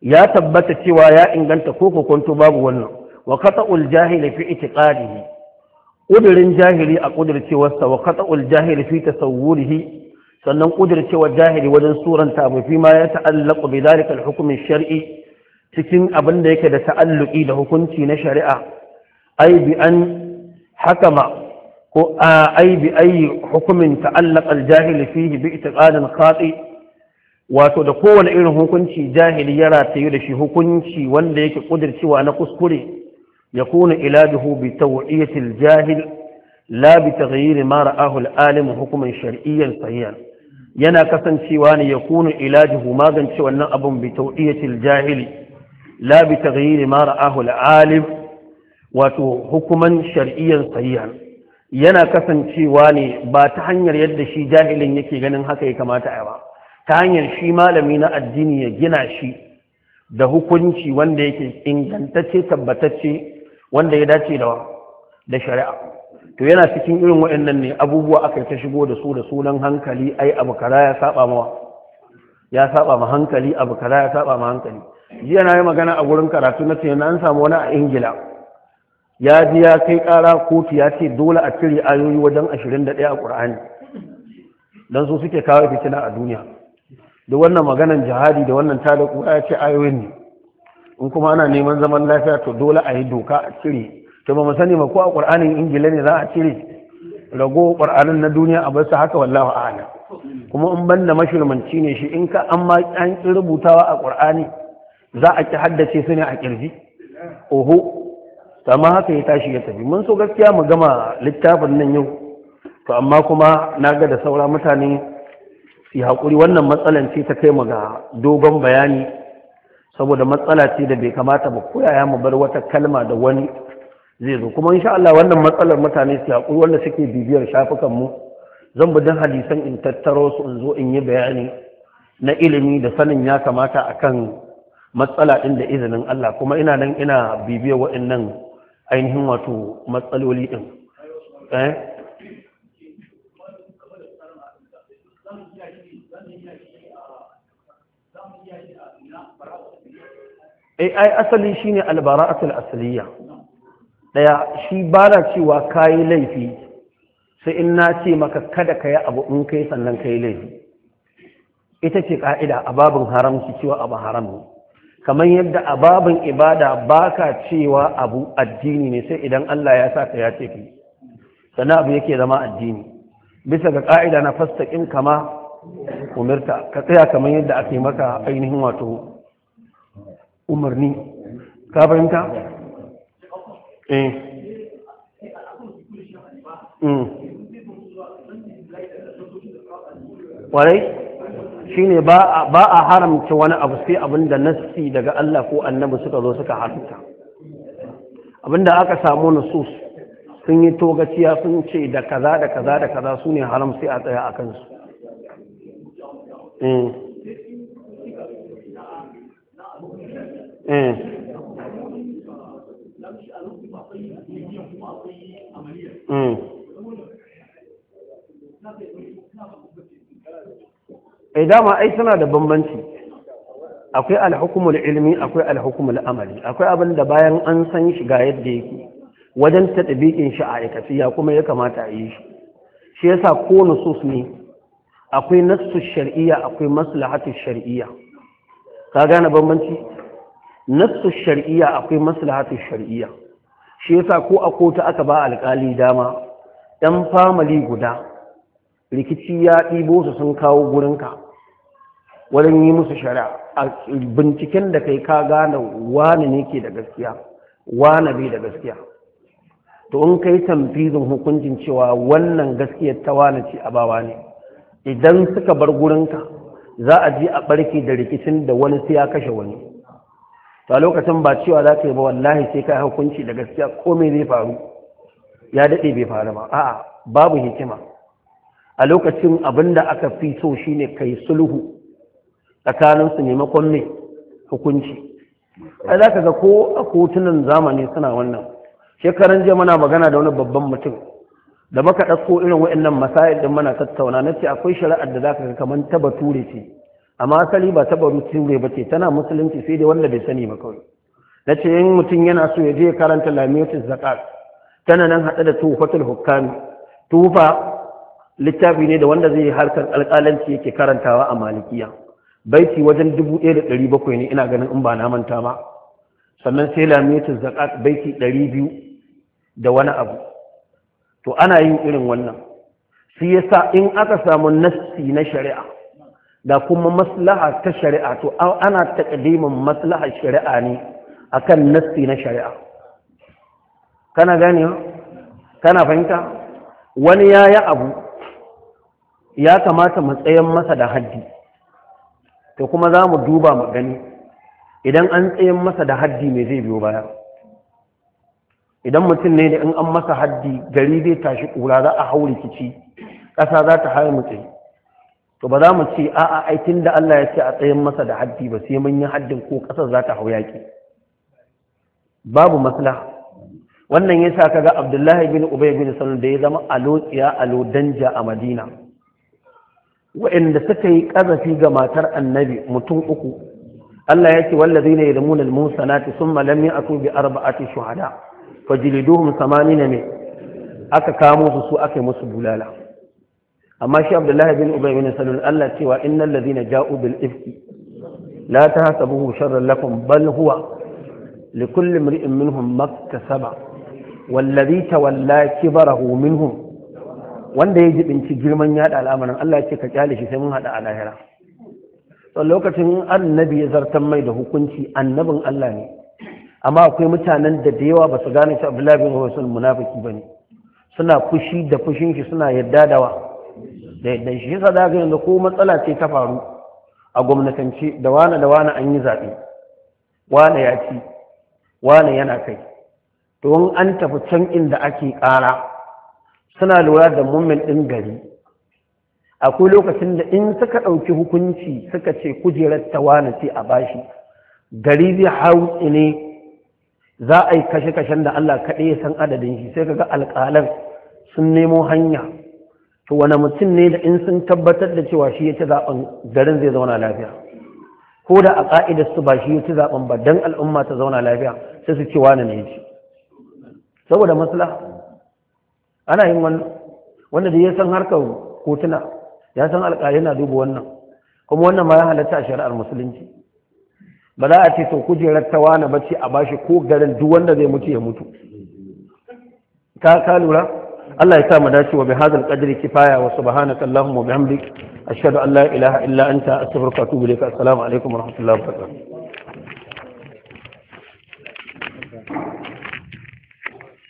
ya tabbata cewa ya inganta ko kokonto babu wannan wa qata'ul jahili fi itiqadihi kudirin jahili a kudircewarsa wa qata'ul jahili fi tasawwurihi sannan kudircewar jahili wajen suranta abu fi ma ya ta'allaqu bi zalika al-hukm shari cikin abin da yake da ta'alluki da hukunci na shari'a ai bi an hakama أي بأي حكم تعلق الجاهل فيه باعتقاد خاطئ wato da kowane irin hukunci jahili ya ratayu da shi hukunci wanda yake kudircewa na kuskure ya kuna iladuhu bi tawiyatil jahil la bi taghyiri ma ra'ahu al-alim hukuman shar'iyyan sahihan yana kasancewa ne ya kuna iladuhu magance wannan abun bi tawiyatil jahil la bi taghyiri ma ra'ahu al-alim wato hukuman shar'iyyan sahihan yana kasancewa ne ba ta hanyar yadda shi jahilin yake ganin haka ya kamata a ba ta hanyar shi malami na addini ya gina shi da hukunci wanda yake ingantacce tabbatacce wanda ya dace da da shari'a to yana cikin irin waɗannan ne abubuwa aka ta shigo da su da sunan hankali ai abu kara ya saba ma ya saba ma hankali abu kara ya saba ma hankali jiya na yi magana a gurin karatu na ce an samu wani a ingila ya ji ya kai ƙara kotu ya ce dole a cire ayoyi wajen ashirin da ɗaya a ƙur'ani don su suke kawo fitina a duniya da wannan maganan jihadi da wannan tada ƙura ya ce ayoyin ne in kuma ana neman zaman lafiya to dole a yi doka a cire to ba mu sani ma ko a ƙur'anin ingila ne za a cire rago ƙur'anin na duniya a barsa haka wallahu ana? kuma in banda mashirmanci ne shi in ka an ma an rubutawa a ƙur'ani za a ki haddace su ne a ƙirji? oho to amma haka ya tashi ya tafi mun so gaskiya mu gama littafin nan yau to amma kuma na ga da saura mutane su haƙuri wannan matsalan ce ta kai mu ga dogon bayani saboda matsala ce da bai kamata ba ko yaya mu bar wata kalma da wani zai zo kuma insha Allah wannan matsalar mutane su haƙuri wanda suke bibiyar shafukan mu zan bi dan hadisan in tattaro su in zo in yi bayani na ilimi da sanin ya kamata akan matsala ɗin da izinin Allah kuma ina nan ina bibiyar waɗannan ainihin wato matsaloli ɗin eh? ai asali shine albara'atul asaliya daya shi bana cewa kayi laifi sai in na ce maka kada ka yi abu in kai sannan kayi laifi ita ce ka'ida a babin haramci cewa abu haram kamar yadda a babin ibada baka cewa abu addini ne sai idan Allah ya sa ka ya ce ki sannan abu yake zama addini bisa ga ka'ida na fastaqim kama umirta ka tsaya kamar yadda ake maka ainihin wato umarni ka fahimta eh mm. shine ba a haramta wani abu sai abin da nassi daga Allah ko annabi suka zo suka haramta abinda aka samu nasus sun yi togaciya sun ce da kaza da kaza da kaza su ne haram sai a tsaya a kansu Mm. ai eh, dama ai suna da bambanci akwai alhukumul ilmi akwai alhukumul amali akwai abin da bayan an san shi ga yadda yake wajen tadbiqin shi a aikaci ya kuma ya kamata a yi shi shi yasa ko nusus ne akwai nassu shar'iyya akwai maslahatu shar'iyya ka gane bambanci nassu shar'iyya akwai maslahatu shar'iyya shi yasa ko a kotu aka ba alkali dama ɗan famali guda rikici ya ɗibo su sun kawo gurinka wurin yi musu shari'a a binciken da kai ka gane wani ne ke da gaskiya wani bai da gaskiya to in kai tamfizin hukuncin cewa wannan gaskiyar ta wani ce a bawa ne idan suka bar gurinka za a ji a barke da rikicin da wani sai ya kashe wani to a lokacin ba cewa za ka yi ba wallahi sai ka hukunci da gaskiya ko me zai faru ya daɗe bai faru ba a'a babu hikima a lokacin abin da aka fi so shine kai sulhu tsakanin maimakon mai hukunci ai za ka ga ko a kotunan zamani suna wannan shekaran jiya muna magana da wani babban mutum da maka ɗauko irin waɗannan masayar da mana tattauna na ce akwai shari'ar da za ka ga kamar ta bature ce amma asali ba ta bature ba ce tana musulunci sai dai wanda bai sani ba kawai na ce yin mutum yana so ya je karanta lamiyotin zakat tana nan haɗe da tuhufatul hukami tufa littafi ne da wanda zai harkar alƙalanci yake karantawa a malikiya baiti wajen dubu ɗaya da ɗari bakwai ne ina ganin in ba na manta ba sannan sai lamiyatul zakat baiti ɗari biyu da wani abu to ana yin irin wannan shi yasa in aka samu nassi na shari'a da kuma maslaha ta shari'a to ana taƙadimin maslaha shari'a ne akan nassi na shari'a kana ganewa kana fahimta wani ya yi abu ya kamata matsayin masa da haddi to kuma za mu duba mu gani idan an tsayin masa da haddi mai zai biyo baya idan mutum ne da in an masa haddi gari zai tashi kura za a hau rikici ƙasa za ta hari mutum to ba za mu ce a'a aikin da Allah ya ce a tsayin masa da haddi ba sai mun yi haddin ko ƙasar za ta hau yaƙi babu maslaha wannan yasa ga Abdullahi bin Ubay bin Salul da ya zama alo Lodanja, a Madina waɗanda suka yi ƙazafi ga matar annabi mutum uku Allah ya ce wallazi ne da munal musanati sun malami a bi arba'ati shuhada fajiliduhum samani ne aka kamo su su aka yi musu bulala amma shi abdullahi bin ubay bin salul Allah cewa innal ladina ja'u bil ifki la tahsabuhu sharran lakum bal huwa likulli imri'in minhum maktasaba wallazi tawalla kibarahu minhum wanda ya jibinci girman yada al'amarin Allah ce ka kyale shi sai mun hada a lahira to lokacin annabi ya zartan mai da hukunci annabin Allah ne amma akwai mutanen da da yawa ba su gane shi Abdullahi bin Rasul munafiki ne suna fushi da fushin shi suna yadda da wa da yadda shi yasa da ga yanzu ko matsala ce ta faru a gwamnatance da wani da wani an yi zaɓe wani ya ci wani yana kai to an tafi can inda ake ƙara suna lura da mummin ɗin gari akwai lokacin da in suka ɗauki hukunci suka ce kujerar tawana ce a bashi gari zai hau ne za a yi kashe-kashen da Allah kaɗai san adadin shi sai kaga alƙalan sun nemo hanya to wani mutum ne da in sun tabbatar da cewa shi ya ci zaɓen garin zai zauna lafiya ko da a ƙa'idar su ba shi ya ci zaɓen ba don al'umma ta zauna lafiya sai su ce wani ne ya saboda maslaha ana yin wannan wanda da ya san harkar kotuna ya san alƙali na duba wannan kuma wannan ma ya halatta a shari'ar musulunci ba za a ce to kujerar ta ba ce a bashi ko garin duk wanda zai mutu ya mutu ka ka lura Allah ya sa mu dace wa bi hadal qadri kifaya wa subhanaka allahumma wa bihamdik ashhadu an la ilaha illa anta astaghfiruka wa atubu ilaik assalamu alaikum wa rahmatullahi wa barakatuh